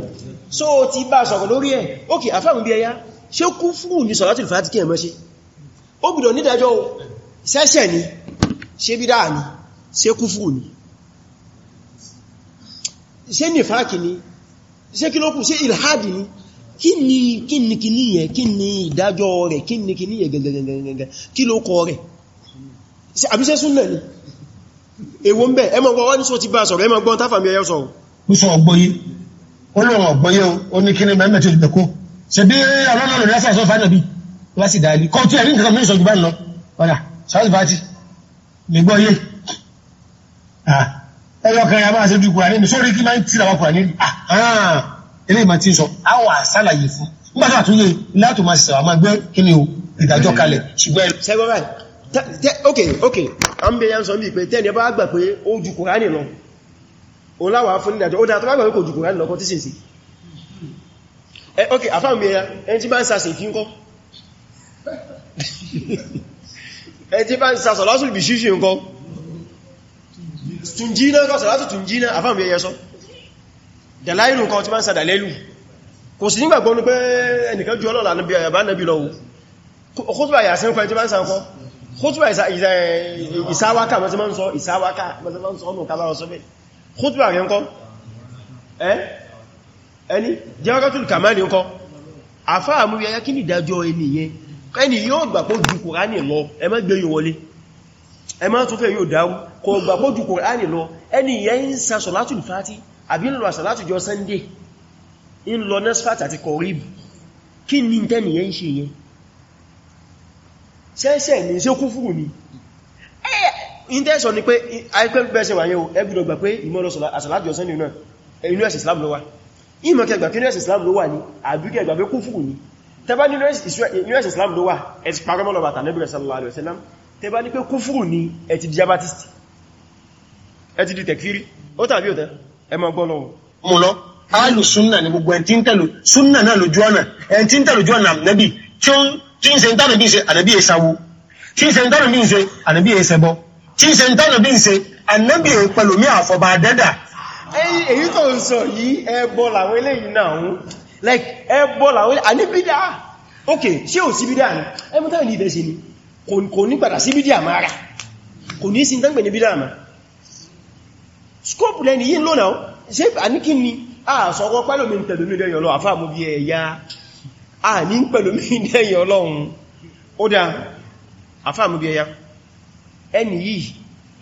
sọ o ti bá sọ̀rọ̀ lórí ẹ̀ ok àfáàmù bí ẹyá ṣé kú fún ní sàlátù fati kí ẹ máa ṣe ó gbọ́dọ̀ nídàájọ́ sẹ́sẹ̀ ni ṣé bídà ni ṣe kúfùrù ni ṣe nífàákì ni ṣe kí ló kù ṣe ìlhádì ni kí ni kí ni kí ni yẹn kí ni ìdájọ́ rẹ̀ kí ni kí ni yẹn gẹ̀gẹ̀gẹ̀gẹ̀gẹ̀ kí ló kọ rẹ̀ àbí ṣe súnlẹ̀ ni èwo ń bẹ ẹ mọ̀ gbọ́ wá ní sọ ti bá sọ̀rọ̀ ẹ mọ̀ gbọ́n táfàmì ẹyọ sọ̀rọ̀ ó sọ ọgbọ́yé ó lọ́rọ̀ ọgbọ́yé ó ní kí ni mẹ́mẹ́ tó jùlọ kó ṣe bí ọlọ́nà lórí ẹsẹ̀ sọ́fà náà bí wá sí dáadé kọ́ tí ẹ̀rí nǹkan mí sọ jù bá ń lọ ọ̀dà sọ́fà ti lè gbọ́yé Ah, ẹlọ́kan yàmá àṣẹ ojú kùránì ní sórí kí máa ń tíra wọn kùránì rí ilé ìmọ̀ tí ń sọ àwọn àṣàlàyé fún nígbà tó àtúnyẹ látò máa ṣẹ̀wà máa gbé kí ni o ìdájọ́ kalẹ̀ ṣùgbọ́n ẹ̀rọ. sẹ́gbọ́n báyìí ok ok àwọn bẹ̀yà ń sọ bí pé tẹ́ni bá gbà pé ó ju kùránì lọ o láwàá fún ìdájọ́ ó dáa tó bá gbà pé kò ju kùránì lọ kọ́ tí sì sí ok àfáàmù bẹ̀yà ẹni tí bá ń sàṣẹ̀ ìfínkọ́ ẹni tí bá ń sàṣọ̀ lásùlùbì tunjina kọ́ sàlátù tunjina afáàmì ẹyẹ sọ dàláìlù kan tí bá ń sàdàlẹ́lù kò sí nígbàgbọ́ ní pé ẹnìkan jù ọlọ́lá níbi àyàbá nẹ́bí lọ kútùbà yàsín kan tí bá ń sàn kọ́ kútùbà ìsáwákà mọ́ sí máa ń sọ ìsáwákà mọ́ sí máa ń sọ ọ̀nà kábára sọ bẹ́ kútùbà rẹ̀ ń kọ́ ẹni jẹ́wọ́kátùlù kàmáàlì ń kọ́ àfáàmù yẹ kí ni ìdájọ́ ẹni yẹn ẹni yóò gbà pó ju kùránì lọ ẹ má gbé yìí wọlé ẹ máa tó fẹ́ yóò dáwú kọ gbà pọ́jù Kùránì lọ ẹni yẹn ń sa sọ̀látù fàtí àbí ń lọ àsàlátù jọ Sunday ń lọ nesfat àti kọ̀ríb kí ní tẹ́ni yẹn ṣe yẹn ṣẹ́ṣẹ́ ní ṣe kú fúrù ni intention ni pé àìpẹ́ bẹ́ẹ̀ṣẹ̀ wà yẹn o ẹgbùdọ̀ pé Sunday náà inú ẹ̀sìn Islam ló wà ìmọ̀ kẹgbà kí inú ẹ̀sìn Islam ló wà ní àbí kẹgbà pé kú fúrù tẹ bá ní pé kúfùrù ní ẹ ti di jabatist ẹ ti di tẹ̀kfírí ó tàbí ọ̀tẹ́ ẹ ma gbọ́ lọ́wọ́ mú lọ áàlù súnnà ní gbogbo ẹ̀tí ń tẹ̀lù súnnà náà lójú ọ̀nà ẹ̀tí ń tẹ̀lù ojú ọ̀nà ànẹ́bì tí ó ń ṣe ń tánà bí ń ṣe ànẹ́bì ẹ̀ṣàwó tí ń ṣe ń tánà bí ń ṣe ànẹ́bì ẹ̀ṣẹ̀bọ tí ń ṣe ń tánà bí ń ṣe ànẹ́bì pẹ̀lòmí àfọ̀bà dẹ́dà èyí tó ń sọ yìí ẹbọ làwọn eléyìí náà ń like ẹbọ làwọn eléyìí àní bídá ok ṣé ò sí bídá ni ẹmọ́tá ìlú ìbẹ́ ṣe ni kò ní padà sí bídí àmára kò ní sí ìtàngbẹ̀ ní bídí àmá scope lẹ́ni yí lónà ṣe àníkí ni a sọ́kọ́ pẹ́lómi pẹ̀lómi dẹ̀yìn ọlọ́run àfáà mú bí ẹ̀yà a ní pẹ̀lómi dẹ̀yìn ọlọ́run ó dá àfáà mú bí ẹ̀yà ẹni yìí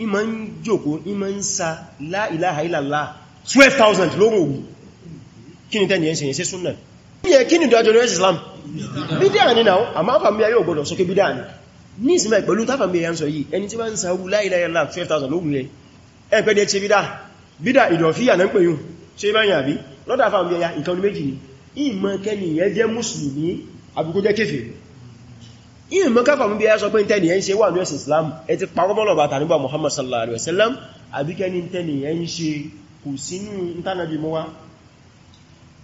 ìmọ̀ ń jòkó ìmọ̀ ń sa la ilaha illallah 12,000 ni tẹ́ni ẹ̀ṣẹ̀ ìṣẹ́ súnnà kí ni dájọ́ ní ẹ̀ṣẹ̀ Islam bídíà ní náà àmáfàmí ayé ògbọ́dọ̀ sókè bídíà ní ní ìsinmi pẹ̀lú tàbí mẹ́rin sọ yìí ẹni tí wọ́n ń sàúrù láìláyàlá 12,000 lórí rẹ̀ ẹgbẹ́ dẹ̀ ṣe bídá bídá ìdọ̀fíyà náà ń pè yùn ṣe mẹ́rin àbí lọ́dà fáwọn mẹ́rin ìkan méjì ni ìmọ̀ kẹniyàn jẹ́ mùsùlùmí àbí kó jẹ́ kéfèé ìmọ̀ káfà mú bí ẹ́ sọ pé tẹ́ni ẹ́ ń ṣe wà ní ọ̀sẹ̀ Islam ẹ ti parọ́ mọ́lọ̀ bàtà Muhammad sallallahu alaihi wasallam àbí kẹ́ni tẹ́ni ẹ́ ń ṣe kò sínú ìtànàbí mọ́wá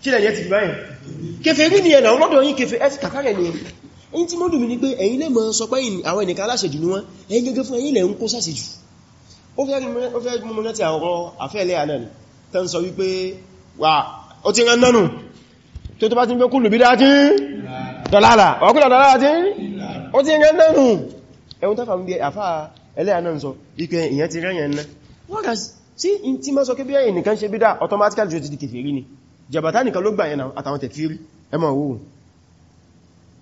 kí lẹ́yìn ẹ́ ti fi báyìí kèfèrí ni ẹ̀nà ọlọ́dọ̀ yìí kèfèrí ẹ́ ti in tí mọ́dún mi ní pé ẹ̀yin lè mọ́ sọ pé àwọn ẹnìkan aláṣẹjù ní wọ́n ẹ̀yin gẹ́gẹ́ fún ẹ̀yin lè ń kó sáṣẹjù ó fẹ́ mọ́ láti àwọn àfẹ́ẹ̀lẹ́ àná ni tán sọ wípé wà ó ti rán nánú tó tó bá ti ń pé kúlù bí dájí dọ̀lára ọkùnlọ̀ dọ̀lára tí ó ti rán nánú ẹ̀hun tàfà ń bí àfà ẹlẹ́ àná sọ wípé ìyẹn ti rán yẹn ná wọ́n kà sí in tí mọ́ sọ kébí ẹ̀yìn nìkan ṣe bídá automatically jù ti di kèfèrí ni jàbátá nìkan ló gbà yẹn àtàwọn tẹ̀fírí ẹmọ̀ òwúrùn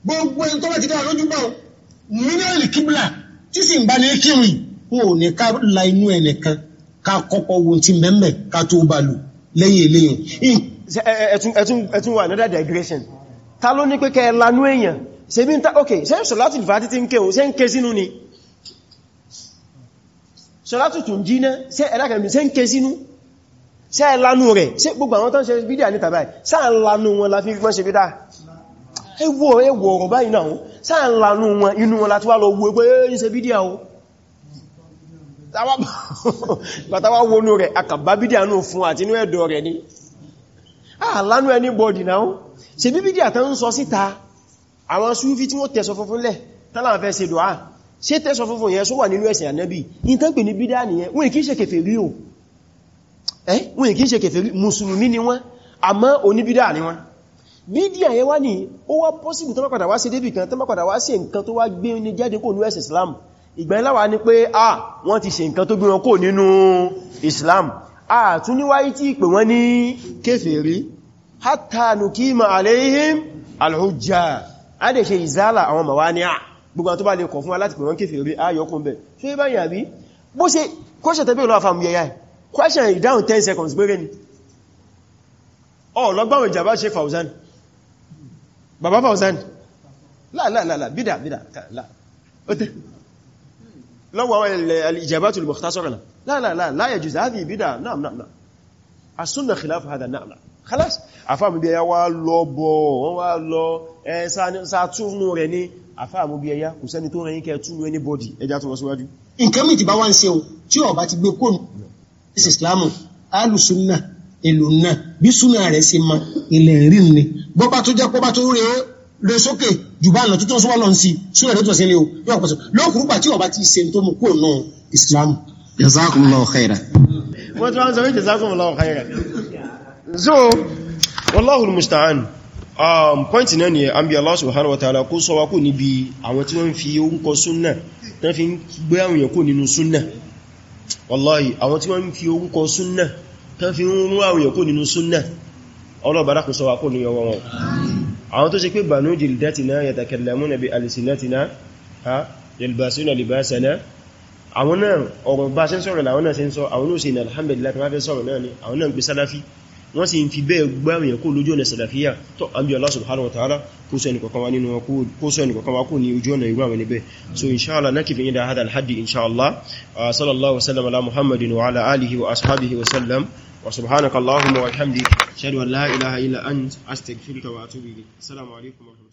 gbogbo ẹni tó bá ti dá lójú bá ọ mínírààlì kíbla tí sì ń bá ní kírun wọn ò ní ká la inú ẹ̀ nìkan ká kọ́kọ́ wo ti mẹ́mẹ́ ká tó bá lò lẹ́yìn eléyìn. ẹtún wà another digression ta ló ní pé kẹ́ lanú èèyàn ṣe bí n ta ok ṣe ṣọ̀látù ìfàtí ti ń kéhùn ṣe ń ké sínú ni ṣọ̀látù tún jíná ṣe ẹ̀lákẹ̀mí ṣe ń ké sínú ṣe ẹ̀lanú rẹ̀ ṣe gbogbo àwọn tán ṣe bídíà ní tàbí sáà lanú wọn la fi gbọ́n ṣe bídá ẹwọ́ ẹwọ́ ọ̀rọ̀ báyìí náà sáà ń lanú wọn inú wọn láti wá lọ wo pé ń ṣe bídíà o bàtàwà wọnú rẹ̀ àkàbá bídíà náà fún àti inú ẹ̀dọ̀ rẹ̀ ni àlánú ẹni bọ́dì náà ṣe bí bídíà tán ń sọ síta àwọn súfí tí wọ́n tẹ̀sọ funfun lẹ̀ tánà fẹ́ ṣe dùá ṣe tẹ̀sọ funfun yẹn só wà nínú ẹ̀sìn ànẹ́bì yìí tán pè ní bídíà nìyẹn wọ́n kìí ṣe kèfèrí o wọ́n kìí ṣe kèfèrí mùsùlùmí ni wọ́n àmọ́ oníbídíà ni wọ́n bídíà yẹn wá ní ó wá pọ́sìbù tó mọ́kàdà wá sí débì kan tó mọ́kàdà wá sí nǹkan tó wá gbé ní jáde kó ní ẹ̀sì islam ìgbà ńlá wá ní pé à wọ́n ti ṣe nǹkan tó gbé wọn kó nínú islam àtún níwáyí tí pè wọ́n ní kéfèrí hatta nukima alayhim alhujja a dẹ̀ ṣe ìzálà àwọn mawani'a gbogbo tó bá lè kọ̀ fún wa láti pè wọ́n kéfèrí ayọ́kún bẹ̀ ṣe bá yà bí bó ṣe question tẹ́bí olóòfà mú yẹyà question ìdáhùn 10 seconds gbére ni ọ̀lọ́gbọ́n ìjàbá ṣe fàúzánì bàbá Fawzan láàláàlá bídà bídà láà ó tẹ́ lọ́wọ́ al-ijabatul mukhtasara láàláàlá la yajuz hadhihi bídà na'am na'am na'am as-sunna khilaf hadha na'am na'am khalas àfáàmù bí ẹyá wá lọ bọ̀ wọ́n wá lọ ẹ̀sàtúnú rẹ̀ ní àfáàmù bí ẹyá kò sẹ́ni tó rẹ̀yìn kẹ́ túnú ẹni bọ́dì ẹjá tó rọ̀síwájú nǹkan mìí ti bá wá ń ṣe bọ́ bá tó jẹ́ pọ́ bá tó rẹ̀ rẹ̀ sókè jù bá lọ tó tó ń súnmọ́ lọ sí súnmọ́ rẹ̀ tó sí ilé o yóò pọ̀ sí lókùrúgbà tí ọba ti ṣe tó mú kúrò náà Islam. jazakumullahu khairan. wọ́n ti wá ń sọ pé jazakumullahu khairan. so wallahul musta'an um, point náà ni ambi bí Allah subhanahu wa ta'ala kó sọ wa kó níbi àwọn tí wọ́n fi oúnkọ súnnà tán fi ń gbé àwọn èèyàn kó nínú súnnà wallahi àwọn tí wọ́n fi oúnkọ súnnà tán fi ń rún àwọn èèyàn kó nínú súnnà ọlọ́bàdá kò sọ wà kó ní ọwọ́ wọn àwọn tó ṣe pé bànú jìlìdátìná yatakallamuna bi alsinatina ha yalbasuna libasana àwọn náà ọ̀rọ̀ bá ṣe ń sọ̀rọ̀ láwọn náà ṣe ń sọ àwọn náà ṣe ní alhamdulillah tí wọ́n fẹ́ sọ̀rọ̀ náà ni àwọn náà ń pè sálàfí wọ́n sì ń fi bẹ́ẹ̀ gbáwọn yẹ̀kó so inṣáàlá náà kìfin yída hadal hadi inṣáàlá sallallahu wa ala wa ashabihi وسبحانك اللهم وبحمدك اشهد ان لا اله الا انت استغفرك واتوب اليك السلام عليكم ورحمه